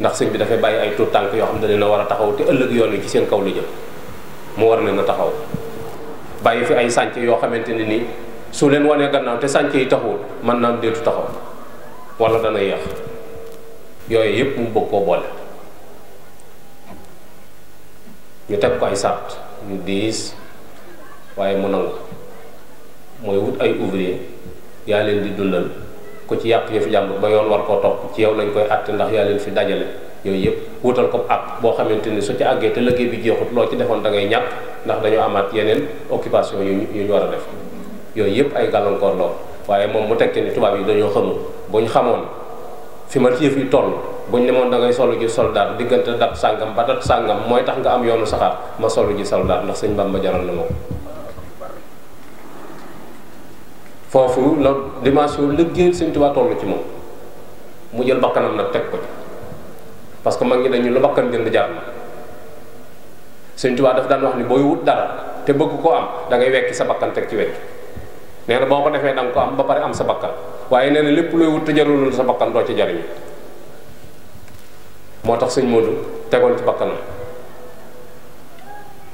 ndax sëñ bi dafay bàyyi ay tout tànk yoo xam ne dañu la war a taxaw te ëllëg yoon wi ci seen kaw la jëm mu war leen a taxaw bàyyi fi ay sànc yoo xamante ne nii su leen wanee gannaaw te sànc yi taxawul mën naa deetu taxaw wala dana yéex yooyu yëpp mu bëgg koo boole ñu teg ko ay sart ñu diis waaye mu nangu mooy wut ay ouvrier yaa leen di dundal ko ci yàq yëf jàmbur ba yoon war koo topp ci yow lañ koy àtte ndax yaa leen fi dajale yooyu yëpp wutal ko ab boo xamante ni su ci àggee te liggéey bi jeexut loo ci defoon da ngay ñàkk ndax dañoo amaat yeneen occupation yu yu ñu war a def yooyu yëpp ay gàllankoor lool waaye moom mu tekki ni tubaab yi dañoo xamul bu ñu xamoon fi ma yëf yi toll bu ñu demoon da ngay solo ji soldat diggante dat sàngam ba dat sàngam mooy tax nga am yoonu saxaar ma solo ji soldat ndax sëñ Bamba jaral na ko foofu la dimension liggéeyal Sëñ Tuubaa toll ci moom mu jël bakkanam nag teg ko ci parce que mag ñi dañu lu bakkan jënd jaar na Sëñ Tuubaa daf daan wax ni booy wut dara te bëgg ko am dangay ngay wekki sa bakkan teg ci wekk nee boo ko defee da ko am ba pare am sa bakkan waaye nee na lépp looy wut te jarulul sa bakkan doo ci jariñu moo tax sëñ Modou tegoon ci bakkanam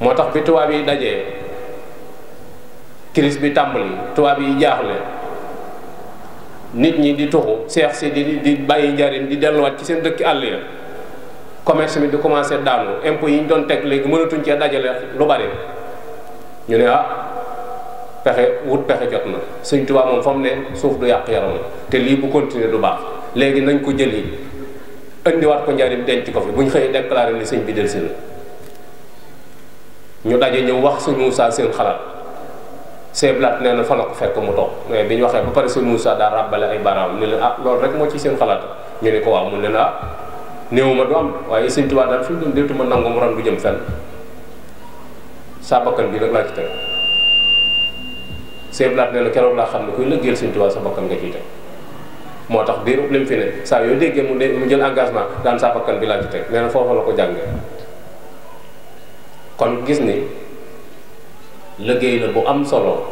moo tax bi tubaab yi dajee crise bi tàmbali tubaab yi jaaxle nit ñi di tuxu seex si di di bàyyi njariñ di delluwaat ci seen dëkki àll ya commerce bi di commencé daanu impôts yi ñu doon teg léegi mënatuñ cee dajale lu bari ñu ne ah pexe wut pexe jot na sëñ Tuubaa moom fa mu ne suuf du yàq yaram te lii bu continuer du baax léegi nañ ko jëli indiwaat ko njariñ denc ko fi bu ñu xëyee déclaré ni sëñ bi dellusi na ñu daje ñëw wax sëñ saa seen xalaat Sèye Blatt nee na fa la ko fekk mu toog mais bi ñu waxee ba pare sëñ Moussa daa ràbbale ay baaraam ni leen ah loolu rek moo ci seen xalaat ñu ne ko waaw mu ne na ah néew du am waaye sëñ Tuubaa daal fi mu doon déetuma nangu mu ran du jëm fenn saa bakkan bi nag laa ci teg Sèye Blatt nee na keroog laa xam ne kuy lëggeel sëñ Tuubaa sa bakkan nga ciy teg moo tax déerub lim fi ne saa yoo déggee mu jël engagement daan saa bakkan bi laa ci teg nee na foofa la ko jàngee kon gis ni. liggéey la bu am solo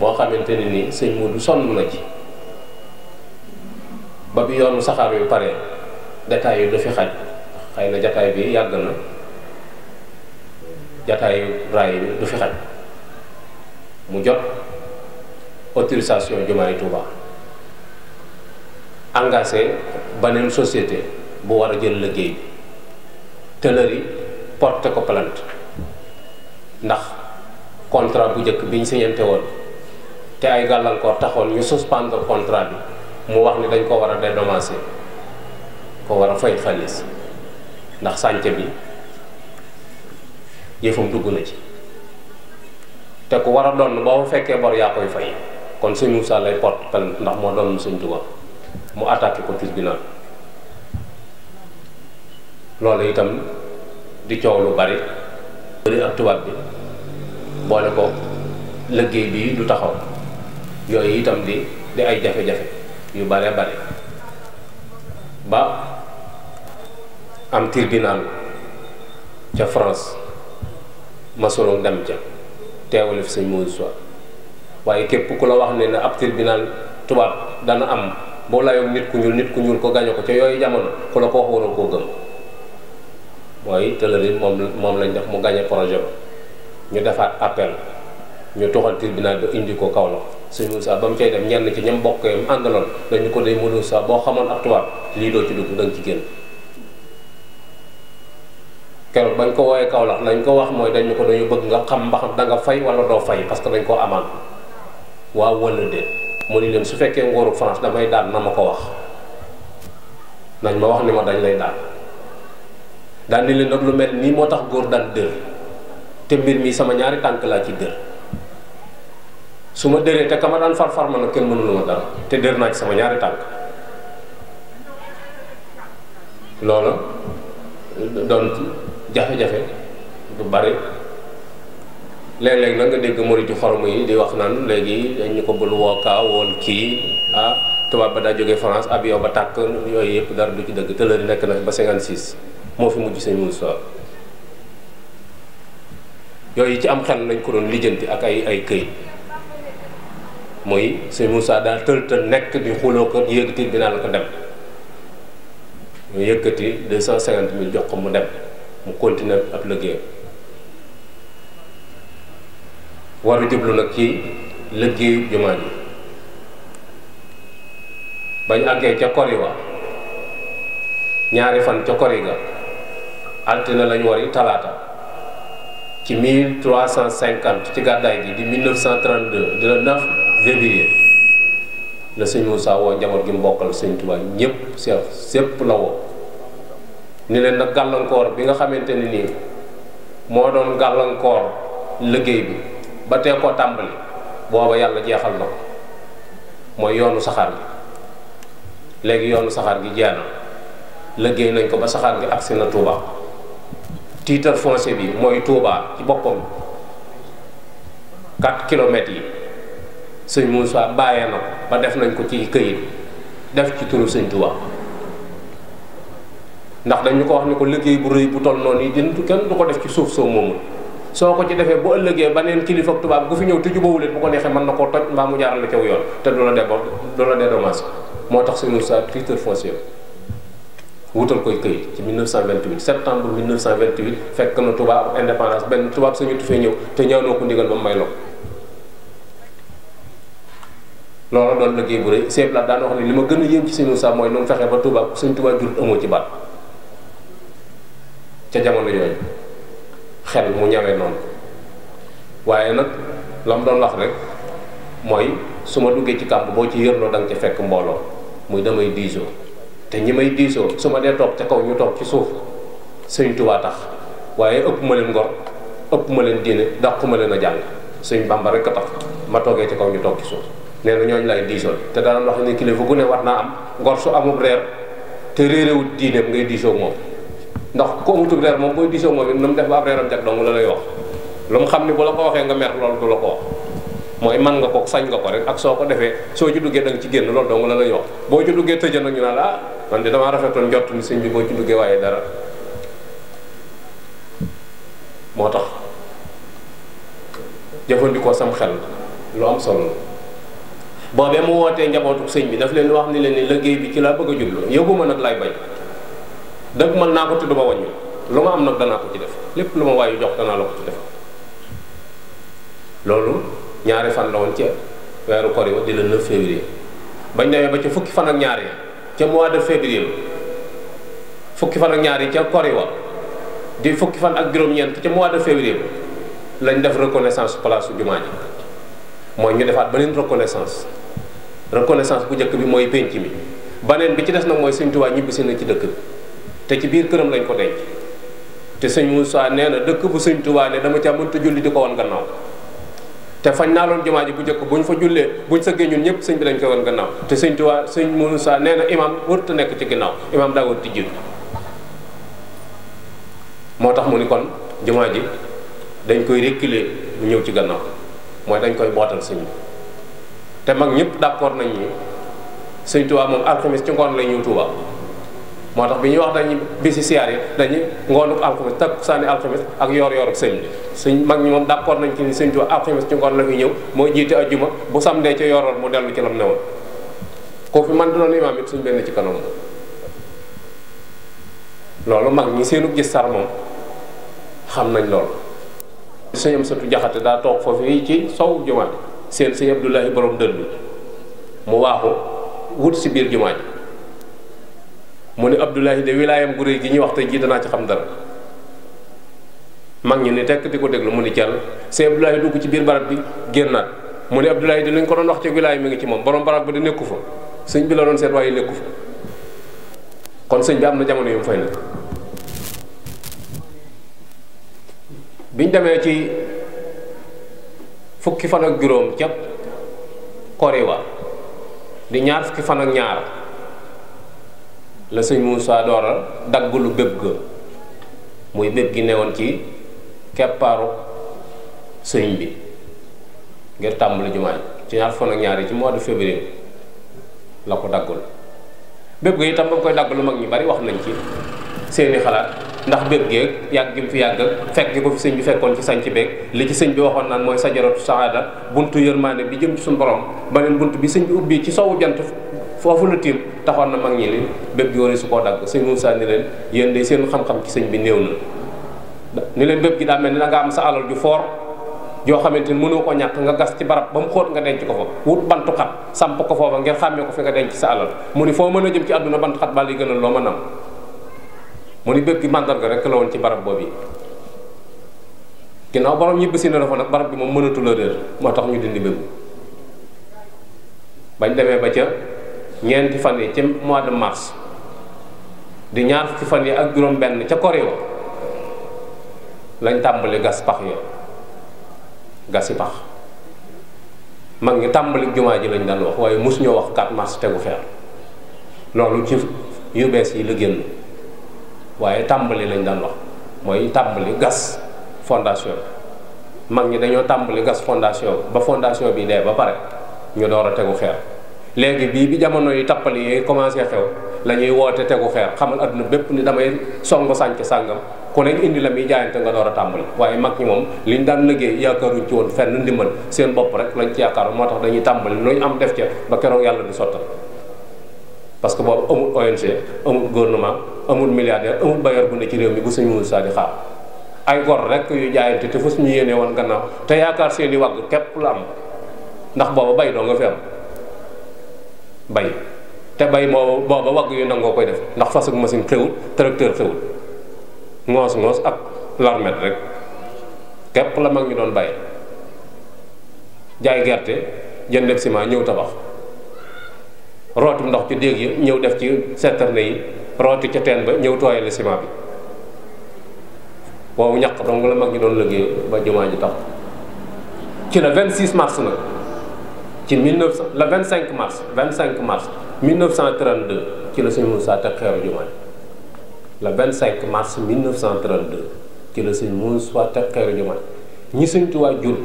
boo xamante ne ni sëñ Modou sonn na ci ba bi yoonu saxaar yu pare détails yu du fi xaj xëy na jataay bii yàgg na jataayu raay bi du fi xaj mu jot autorisation jumaay Touba engagé beneen société bu war a jël liggéey bi tëlëri porte ko plainte ndax contrat bu njëkk biñ ñu won té ay galal ko taxoon ñu suspendre contrat bi mu wax ni dañ ko wara a dédommager ko wara fay xaliss ndax santé bi yëfam duggu na ci te ko wara don bo féké bor ya koy fay kon sëñ Moussa lay porte plainte ndax mo don sëñ Touba mu attaquer ko tribunal lolé itam di ciow lu bari bari ak tuwab bi boole ko liggéey bi du taxaw yooyu itam di di ay jafe-jafe yu bare bare ba am tribunal ca France masolong dem ca teewale fi sëñ Moodu waaye képp ku la wax ne ne ab tribunal tubaab dana am boo layoon nit ku ñuul nit ku ñuul ko gañe ko ca yooyu jamono ku la ko wax waroo koo gëm mooy tëlëri moom moom lañ def mu gañe projet ba ñu defaat appel ñu toxal tribunal ba indi ko kaw la sëñ Moussa ba mu cay dem ñenn ci ñam bokk yam àndaloon dañu ko day mënul sa boo xamoon ak tubaab lii doo ci dugg da jigéen ci génn bañ ko wooyee Kaolack lañ ko wax mooy dañu ko dañu bëgg nga xam mba xam da nga fay wala doo fay parce que dañ koo amaan waaw wala déet mu ni leen su fekkee nguuru France damay daan na ma ko wax nañ ma wax ni ma dañ lay daan daan ni leen nag lu mel nii moo tax góor daan dër te mbir mi sama ñaari tank la ci dër suma ma te kama ma daan far ma nag kenn mënulu ma dara te dër na ci sama ñaari tank lolo doon jafé jafé du bari leg leg na nga dégg mori ci xorom yi di wax naan léegi ñu ko bul ka wol ki ah tubaab ba da jógee France avion ba tak yoy iya, yëpp dara du ci dëgg gitu, tëlëri nek na ba 56 mo fi mujj seigne Moussa yooyu ci am xel lañ ko doon lijjanti ak ay ay këyit mooy sëñ Moussa daal tël tël nekk di xuloo ko di yëkkati dinaa la ko dem ñu yëkkati deux cent cinquante mille jox ko mu dem mu continuer ab liggéeyam war a jublu nag ci liggéeyu jumaa ji bañ àggee ca kori wa ñaari fan ca kori ga altine lañ wari talaata ci 1350 ci gàddaay gi di 1932 de le 9 février le sëñ Moussa wo jamor gi mbokal sëñ touba ñëpp chef sepp la wo ni leen nag gàllankoor bi nga xamanteni ni mo moo doon gàllankoor liggéey bi ba te ko tambali booba yalla jeexal na ko yoonu saxar gi léegi yoonu saxar gi jeena liggey nañ ko ba saxar gi agsi na titre foncier bi mooy Touba ci boppam 4 kilomètres yi sëñ Moussa bàyyee na ko ba def nañ ko ci këyit def ci turu sëñ Touba ndax dañu ko wax ni ko liggéey bu rëy bu toll noonu yi din kenn du ko def ci suuf soo moomul soo ko ci defee bu ëllëgee baneen kilifa tubaab gu fi ñëw te jubawul bu ko neexee mën na koo toj mbaa mu jaarale caw yoon te du la dee ba du la dee dommage moo tax sëñ Moussa titre foncier wutal koy këyit ci 1928 septembre 1928 fekk na tubaab indépendance benn tubaab sañu tufee ñëw te ñaanoo ko ndigal ba mu may loo loolu doon liggéey bu rëy Sèye Blat daan wax ne ma gën a yéem ci suñu sa mooy noonu fexe ba tubaab suñ tubaab jur amoo ci baat ca jamono yooyu xel mu ñawee noonu waaye nag la doon lax rek mooy su ma duggee ci kàmb boo ci yërloo da nga ca fekk mbooloo muy damay diisoo. te ñi may diisoo su ma dee toog ca kaw ñu toog ci suuf sëñ Tuubaa tax waaye ëpp ma leen ngor ëpp ma leen diine daq ma leen a jàng suñu Bàmba rek a tax ma toogee ci kaw ñu toog ci suuf nee na ñooñu lay diisool te daan wax ne kilifa gu ne war am ngor su amul reer te réerewut diine ngay diisoo moom ndax ku amatul reer moom booy diisoo moom na mu def ba ab reeram la lay wax lu mu xam ne bu la ko waxee nga mer loolu du la ko wax mooy man nga ko sañ nga ko rek ak soo ko defee soo ju duggee da ci génn loolu dong la lay wax boo ci duggee tëjee nag ñu naan ah, man de damaa rafetoon njort ni sëñ bi boo ci duggee waaye dara moo tax jëfandikoo sam xel lu am solo boobee mu wootee njabootu sëñ bi daf leen wax ni leen ni liggéey bi ci laa bëgg a jublu yëguma nag laay bañ dëgg mën naa ko te duma wàññi lu ma am nag danaa ko ci def lépp lu ma waayu jox danaa la ko ci def loolu ñaari fan la woon ca weeru kori wa di le 9 février bañ demee ba ci fukki fan ak ñaar ca mois de février fukki fan ak ñaar yi ca kori wa di fukki fan ak juróom-ñeent ca mois de février lañ def reconnaissance place jumaa ji mooy ñu defaat beneen reconnaissance reconnaissance bu njëkk bi mooy penc mi neen bi ci des nag mooy sëñ Tuubaa ñibbisi na ci dëkk bi te ci biir këram lañ ko denc te sëñ Moussa nee na dëkk bu sëñ Tuubaa ne dama ca mënta julli di ko woon gannaaw te fañ naa loon jumaa ji bu njëkk buñ fa jullee buñ sëggee ñun ñëpp sëñ bi lañ koy woon gannaaw te sëñ Tuubaa sëñ Muusaa saa na imaam warut a nekk ci gannaaw imaam daa warut a jiitu moo tax mu ni kon jumaa ji dañ koy reculer mu ñëw ci gannaaw mooy dañ koy bootal sëñ bi te mag ñëpp d'accord nañ ni sëñ Tuubaa moom ci ngoon lay ñëw Tuubaa moo tax bi ñuy wax dañu bisi siyaar yi dañuy ngoonuk alxames takkusaani alxames ak yoor yooruk sëñ bi suñ mag ñi moom d'accord nañ ci ni sëñ Tuubaa alxames ci ngoon la fi ñëw mooy jiite ajjuma bu samdee ci yooroon mu dellu ci lam newoon koo man doon imaam it suñ benn ci kanam loolu mag ñi seenu gis sar moom xam nañ loolu sëñ am satu jaxate daa toog foofu yi ci sow jumaa seen si Abdoulahi borom dëllu mu waaxu wut si biir jumaa ji mu ne Abdoulahi de wilaayam gu réy gi ñuy wax tey jii danaa ci xam dara mag ñi ni tekk di ko déglu mu ni jàll sëñ Abdoulahi dugg ci biir barab bi génnaat mu ne Abdoulahi de lañ ko doon wax ci wilaay mi ngi ci moom borom barab bi di nekku fa sëñ bi la doon seet waaye nekku fa kon sëñ bi am na jamono yu mu fay nekk biñ demee ci fukki fan ak juróom ca Koriwa di ñaar fukki fan ak ñaar la sëñ Moussa Dooral daggulu bépp ga muy bépp gi newoon ci keppaaru sëñ bi ngir tàmbali jumaa ci ñaar fan ak ñaar yi ci mois de février la ko daggul bépp ga itam ba mu koy lu mag ñi bari wax nañ ci seeni xalaat ndax bépp géeg yàgg gi mu fi yàgg fekk gi ko fi sëñ bi fekkoon ci sanc beeg li ci sëñ bi waxoon naan mooy sajaratu saada buntu yërmaande bi jëm ci suñu borom beneen bunt bi sëñ bi ubbi ci sowu jant fofu la tim taxon na mag ñi leen bépp gi wari su ko dagg sëñ Moussa ni leen yeen de seen xam-xam ci sëñ bi néew na ni leen bépp gi da mel na nga am sa alal ju for jo xamanteni ni mënoo ko ñàkk nga gas ci barab ba mu nga denc ko fa wut bantu xat samp ko foofa ngeen xàmmee ko fi nga denc sa alal mu ni foo mën a jëm ci àdduna bantu xat baa gënal loo ma nam mu ni bépp gi màndarga rek la woon ci barab boobu ginaaw borom ñibbi si na dafa nag barab bi moom mënatu la réer moo tax ñu dindi bépp bañ demee ba ca ñeenti fan yi ci mois de mars di ñaar fan yi ak juróom-benn ca kori lañ tàmbali gas pax yo gasi pax mag ñi tàmbali jumaa ji lañ daan wax waaye mos ñoo wax 4 mars tegu feer loolu ci yu bees yi la génn waaye tàmbali lañ daan wax mooy tàmbali gas fondation mag ñi dañoo tàmbali gas fondation ba fondation bi dee ba pare ñu door a tegu xeer léegi bii bi jamono yi tappali yooyu commencé xew la ñuy woote tegu xeer xamal àdduna bépp ni damay song sànc sàngam ku nekk indi la muy jaayante nga door a tàmbali waaye mag ñi moom liñ daan liggéey yaakaaruñ ci woon fenn ndimbal seen bopp rek lañ ci yaakaar moo tax dañuy tàmbali lu ñu am def ca ba keroog yàlla du sottal parce que boobu amul ONG amul gouvernement amul milliardaire amul bailleur bu ne ci réew mi bu suñu mën saa di xaar ay gor rek yu jaayante te fas ñu yéene woon gannaaw te yaakaar seen i wagg képp la am ndax booba bay doo nga bay te bay boobu booba wagg yu nangoo koy def ndax fas ak machine xewul tracteur xewul ngoos ngoos ak larmet rek képp la mag ñu doon bay jaay gerte jëndeb ciment ñëw tabax rootum ndox ci déeg yi ñëw def ci citerne yi rooti ca teen ba ñëw tooyale ciment bi woowu ñaq dong la mag ñu doon liggéey ba jumaa ji tax ci la 26 mars nag ci 1900 le 25 mars 25 mars 1932 ci la sëñ Moussa teg xeeru jumaa le 25 mars 1932 ci la sëñ Moussa teg xeeru jumaa ñi sëñ Tuubaa jur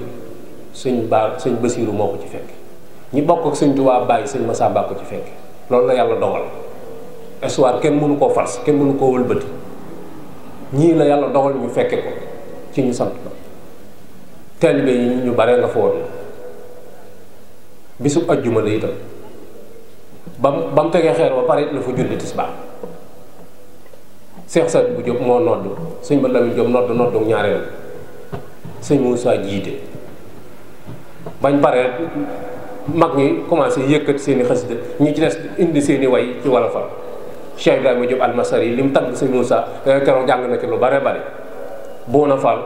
suñ Ba suñ Basiiru moo ko ci fekk ñi bokk suñ sëñ Tuubaa bàyyi sëñ Masamba ko ci fekk loolu la yàlla doxal histoire kenn mënu koo fars kenn mënu koo wëlbati ñii la yàlla dogal ñu fekke ko ci ñu sant ko taalibe yi ñu bare nga fa woon bisu ajjuma la itam ba mu ba mu tegee xeer ba pare la fa julli tisbaar seex sat bu Jóob moo nodd sëñ ba Lamin Jóob nodd noddu ñaareel sëñ Moussa jiite bañ pare mag ñi commencé yëkkat seeni xasida ñu ci des indi seeni way ci walla fal Cheikh Ibrahima Diop almasar yi li mu tagg sëñ Moussa eh, keroog jàng na ci lu bare bare boo na fal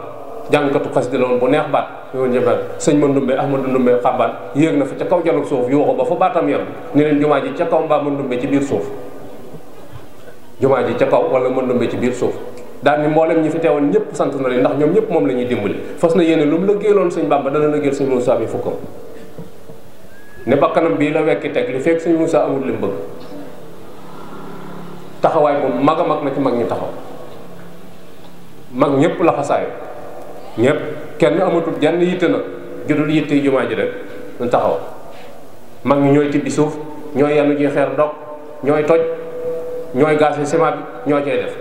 jàngkatu xasida la bu neex baat yoon jëfal sëñ ma ndumbe ahmadu ndumbe xàmbaan yéeg na fa ca kaw jalug suuf yuuxu ba fa baatam yam ni leen jumaa ji ca kaw mbaa ma ndumbe ci biir suuf jumaa ji ca kaw wala ma ndumbe ci biir suuf daal ni mboolem ñi fi teewoon ñëpp sant na leen ndax ñoom ñëpp moom la ñuy dimbali fas na yéene lu mu sañ sëñ bàmba dana lëggéeyal sëñ Moussa bi fukkam ne bakkanam bii la wekki teg li fekk sëñ Moussa amul li mu bëgg taxawaay bu mag a mag na ci mag ñu taxaw mag ñëpp laxasaayu ñëpp kenn amatul jenn yitte na judul yitte yi jumaa ji rek ñu taxaw mag ñi ñooy tibbi suuf ñooy yenn ji xeer dog ñooy toj ñooy gaas yi ciment bi ñoo cee def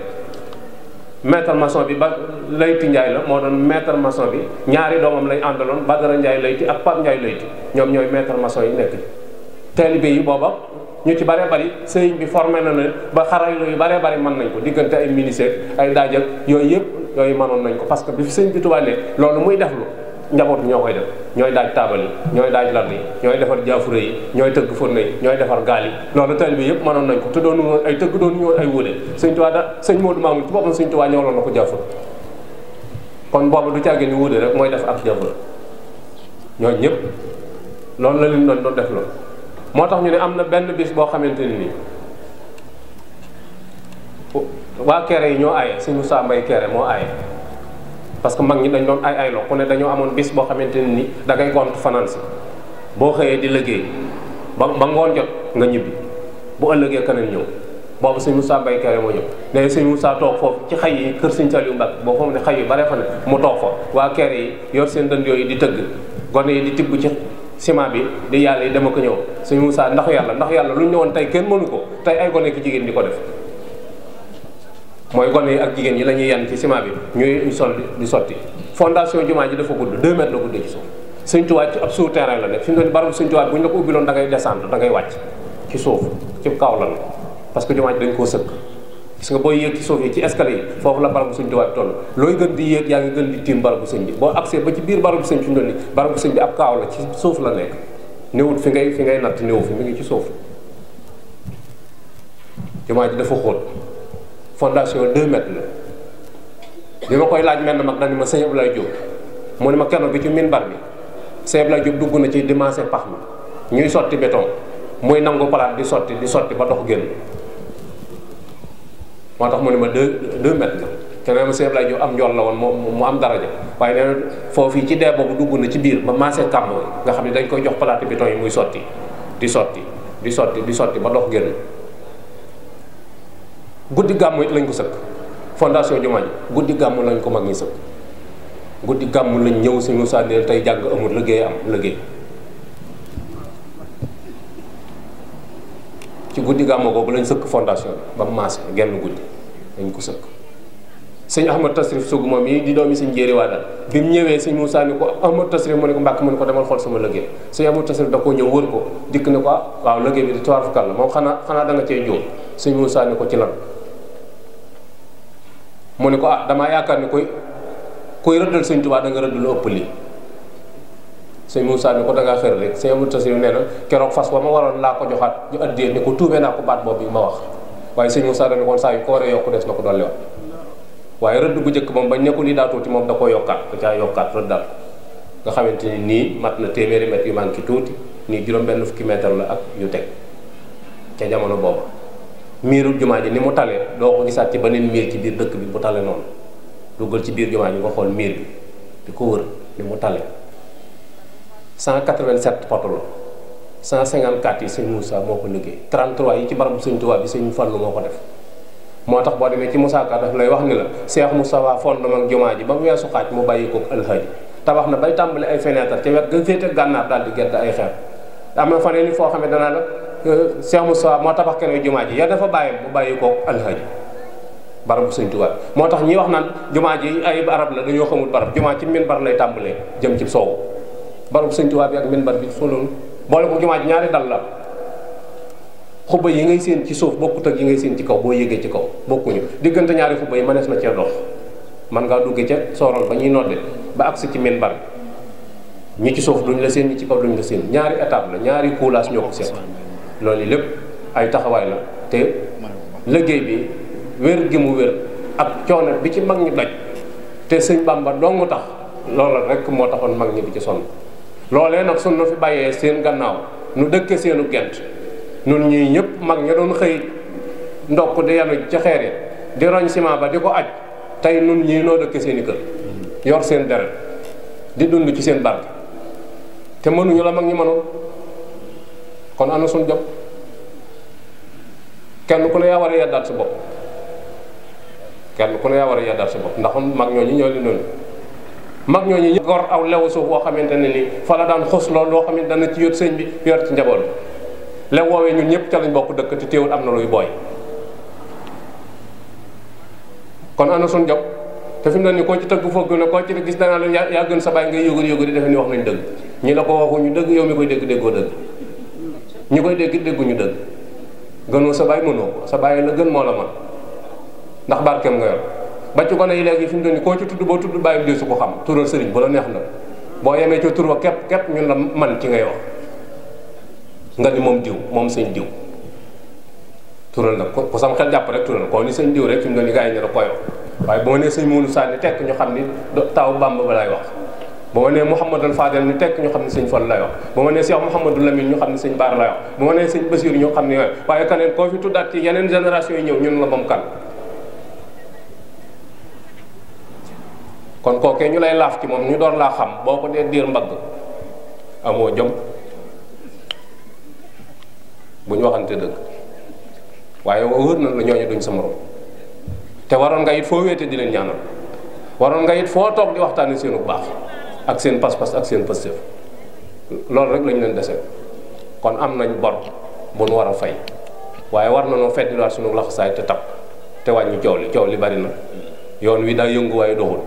maître maçon bi ba layti njaay la moo doon maître maçon bi ñaari doomam lañ àndaloon Badara njaay layti ak Pape njaay layti ñoom ñooy maître maçon yi nekk taalibe yi booba ñu ci bare bari sëriñ bi formé na ne ba xarala yu bare bari mën nañ ko diggante ay ministère ay daaj ak yooyu yëpp yooyu manoon nañ ko parce que bi fi sëñ bi Tuubaa nekk loolu muy def lu njaboot ñoo koy def ñooy daaj taabal yi ñooy daaj lal yi ñooy defar jaafure yi ñooy tëgg furne yi ñooy defar gaal yi loolu taalibe bi yëpp manoon nañ ko te doonu woon ay tëgg doonu ñëwoon ay wóole sëñ Tuubaa da sëñ Moodu Maamun ci boppam sëñ Tuubaa ñëwloon na ko jaafur kon boobu du caagee ni wóole rek mooy def ak jaafure ñooñu ñëpp loolu la leen doon doon def loolu moo tax ñu ne am na benn bis boo xamante ni nii waa kere yi ñoo aaye suñu Moussa mbay kere moo aaye parce que mag ñi dañ doon ay ay loo ne dañoo amoon bis boo xamante ne ni da ngay gont fanaan si boo xëyee di léggéey ba ba ngoon jot nga ñibbi bu ëllëgee keneen ñëw boobu suñu Moussa Mbaye kere moo ñëw mais suñu Moussa toog foofu ci xay yi kër Sëñ Saliou Mbacke boo xam ne xay yu bare fa ne mu toog fa waa kere yi yor seen dënd yooyu di tëgg gone yi di tibb ci ciment bi di yàlla yi dama ko ñëw suñu Moussa ndax yàlla ndax yàlla lu ñu tey kenn mënu ko tey ay gone jigéen di ko def mooy gone yi ak jigéen ñi la ñuy yan ci ciment bi ñuy sol di sotti fondation jumaa ji dafa gudd 2 mètres la guddee ci suuf Sëñ Tuubaa ab suuf terrain la ne fi mu doon barab Sëñ bu ñu la ko ubbiloon da ngay descendre da ngay wàcc ci suuf ci kaw la parce que jumaa ji dañ koo sëkk gis nga boo yéeg ci suuf yi ci escalier yi foofu la barabu Sëñ Tuubaa bi toll looy gën di yéeg yaa ngi gën di tiim barabu sëñ bi boo accès ba ci biir barabu sëñ fi mu doon ni barabu sëñ ab kaaw la suuf la nekk néewut fi ngay fi ngay natt néew fi mi ngi ci suuf jumaa ji dafa xóot fondation deux met la bi ma koy laaj mel na mag dañu ma sëñ Abdoulaye Diop mu ne ma keroog bi ci minbar bi sëñ Abdoulaye Diop dugg na ci dimanche pax mi ñuy sotti béton muy nangu palaat di sotti di sotti ba génn moo tax mu ne ma deux deux mètres la te am njool la woon mu am daraja waaye nee na ci dee boobu dugg na ci biir ba maase kàmmo nga xam ne dañ koy jox palaat béton yi muy sotti di sotti di sotti di sotti ba dox génn guddi gàmmu it lañ ko sëkk fondation jumaa guddi gàmmu lañ ko mag ñi sëkk guddi gàmmu lañ ñëw si sànni tey jàng amul liggéey am liggéey ci guddi gàmmu boobu lañ sëkk fondation bi ba maas genn guddi lañ ko sëkk sëñ ahmad tasrif sugu moom yi di doomi sëñ njéeri waa dal bi mu ñëwee sëñ Moussa ni ko ahmad tasrif mu ne ko mbàkk mu ne ko demal xool sama liggéey sëñ ahmad tasrif da koo ñëw wër ko dikk ne ko ah waaw liggéey bi di tuwaar fukal la moom xanaa xanaa danga cee jóom sëñ Moussa ni ko ci lan mu ne ko ah damaa yaakaar ni kuy kuy rëddal sëñ Tuubaa da nga rëdd lu ëpp lii sëñ Moussa ni ko da ngaa xër rek sëñ Amadou Tassirou nee na keroog fas wa ma waroon laa ko joxaat ñu addiyee ni ko tuubee naa ko baat boobu bi ma wax waaye sëñ Moussa dañu koon saa yu ko waree yokku des na ko dolli wax waaye rëdd bu njëkk moom bañ ne ko lii daa tuuti moom da koo yokkaat da caa yokkaat rëddal nga xamante ni nii mat na téeméeri mètre yu manqué tuuti nii juróom benn fukki mètre la ak yu teg ca jamono boobu miiru jumaa ji ni mu tale doo ko gisaat ci beneen miir ci biir dëkk bi bu tale noonu duggal ci biir jumaa ji nga xool miir bi di ko wër ni mu tale 187 poto la 154 yi sëñ Moussa moo ko liggéey 33 yi ci barabu sëñ Tuubaa bi sëñ Fallu moo ko def moo tax boo demee ci Moussa Ka daf lay wax ni la Cheikh Moussa waa fondement ak jumaa ji ba mu weesu xaaj mu bàyyi ko alxaaji tabax na bay tàmbali ay fenêtre ca wet ga féete gànnaar daal di gedd ay xeer Cheikh Moussa moo tabax kenn jumaa ji ya dafa bàyyi mu bàyyi ko alhaji barabu sëntuwaat moo tax ñi wax naan jumaa ji ay barab la dañoo xamul barab jumaa ci miin bar lay tàmbalee jëm ci soow barabu sëntuwaat Tuubaa bi ak minbar bi soloon boole ko jumaa ji ñaari dal la xubba yi ngay seen ci suuf bokkut yi ngay seen ci kaw boo yëgee ci kaw bokkuñu diggante ñaari xubba yi mënees na cee dox man ngaa dugge ca sooroon ba ñuy nodde ba agsi ci minbar bi ñi ci suuf duñu la seen ñi ci kaw duñ la seen ñaari étape la ñaari kuulaas ñoo ko seen loolu lépp ay taxawaay la te liggéey bi wér gi mu wér ak coono bi ci mag ñi daj te sëñ Bàmba dong tax loola rek moo taxoon mag ñi bi ci sonn loolee nag sun nu fi bàyyee seen gannaaw nu dëkke seenu gent nun ñii ñëpp mag ña doon xëy ndokk di yanu ci xeer di roñ ba di ko aj tey nun ñi noo dëkke seeni kër yor seen deret di dund ci seen barke te mënuñu la mag ñi mënoon kon am na suñu jom kenn ku ne yaa war a yeddaat sa bopp kenn ku ne yaa war a yeddaat sa bopp ndax mag ñooñu ñoo leen noonu mag ñooñu gor aw lewu boo xamante ne nii fa la daan xus loolu loo xam ne dana ci yot sëñ bi yor ci njaboot bi lew woowee ñëpp ca lañ bokk dëkk te teewul am na luy booy kon ana suñu jom te fi mu ne nii koo ci tëgg foog ne koo ci gis danaa la yaa gën sa bàyyi ngay yëngu yëngu defe ni wax nañ dëgg ñi la ko waxu ñu dëgg yow mi koy dégg déggoo dëgg ñi koy dégg dégguñu dëgg gënoo sa baay mënoo ko sa baay la gën moo la man ndax barkeem nga yor ba ci gone yi léegi fi mu doon koo ci tudd boo tudd bàyyi di su ko xam tural sëriñ bu la neex na boo yemee ci tur wa képp ñun la man ci ngay wax nga ni moom diw moom sëñ diw tural na ku sam xel jàpp rek tural koo ni sëñ diw rek fi mu doon gaa yi ñu la koy wax waaye boo nee sëñ Mourou Sane tekk ñu xam ni taw Bàmba ba lay wax ba ma nee Mouhamadul Fadel ni tekk ñu xam ne sëñ Fall lay wax ba ma nee Cheikh Mouhamadul Lamine ñu xam ne sëñ Baar lay wax ba ma nee sëñ Basir ñu xam ne yooyu waaye kaneen koo fi ñëw ñun la moom kan kon kookee ñu lay laaf ci moom ñu doon laa xam boo ko dee diir mbagg amoo jom bu ñu waxante dëgg waaye wóor na la ñooñu duñ sa morom te waroon nga it foo wéete di leen ñaanal waroon nga it foo toog di waxtaane seenu baax ak seen pas-pas ak seen pëstëf loolu rek lañu leen dese kon am nañ bor bu nu war a fay waaye war na noo feddiwaat sunu laxasaay te tab te wàññi coow li coow li bari na yoon wi daa yëngu waaye doxul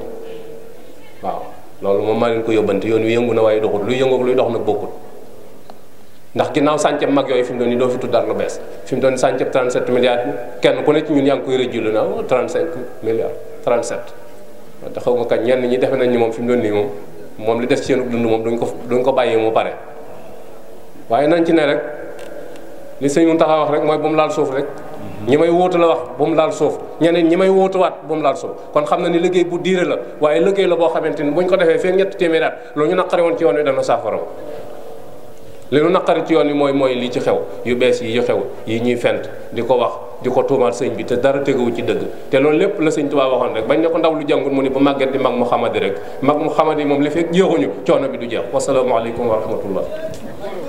waaw loolu moom maa leen ko yóbbante yoon wi yëngu na waaye doxul luy yëngu luy dox nag bokkul ndax ginnaaw sànceb mag yooyu fi mu doon nii doo fi tudd dara lu bees fi mu doon nii sànceb 37 milliards kenn ku ne ci ñun yaa ngi koy rëjjulu na ah, 35 milliards 37 te xaw ma kat ñenn ñi defe nañ ni moom fi mu doon nii moom li def ci seen dund moom duñ ko duñ ko bàyyi mu pare waaye nañ ci ne rek li sëñ Mountakha wax rek mooy bu mu laal suuf rek ñi may wóotu la wax bu mu laal suuf ñeneen ñi may wóotuwaat bu mu laal suuf kon xam na ni liggéey bu diire la waaye liggéey la boo xamante ni buñ ko defee fee ñett téeméeri at loolu ñu naqari woon ci yoon wi dana saafara li nu naqari ci yoon wi mooy mooy li ci xew yu bees yi yu xew yi ñuy fent di ko wax di ko tuumaal sëñ bi te dara teguwu ci dëgg te loolu lépp la sëñ Tuubaa waxoon rek bañ ne ko ndaw lu jàngul mu ni bu màgget di mag mu xamadi rek mag mu xamadi moom li fekk jeexuñu coono bi du jeex wasalaamualeykum wa rahmatullah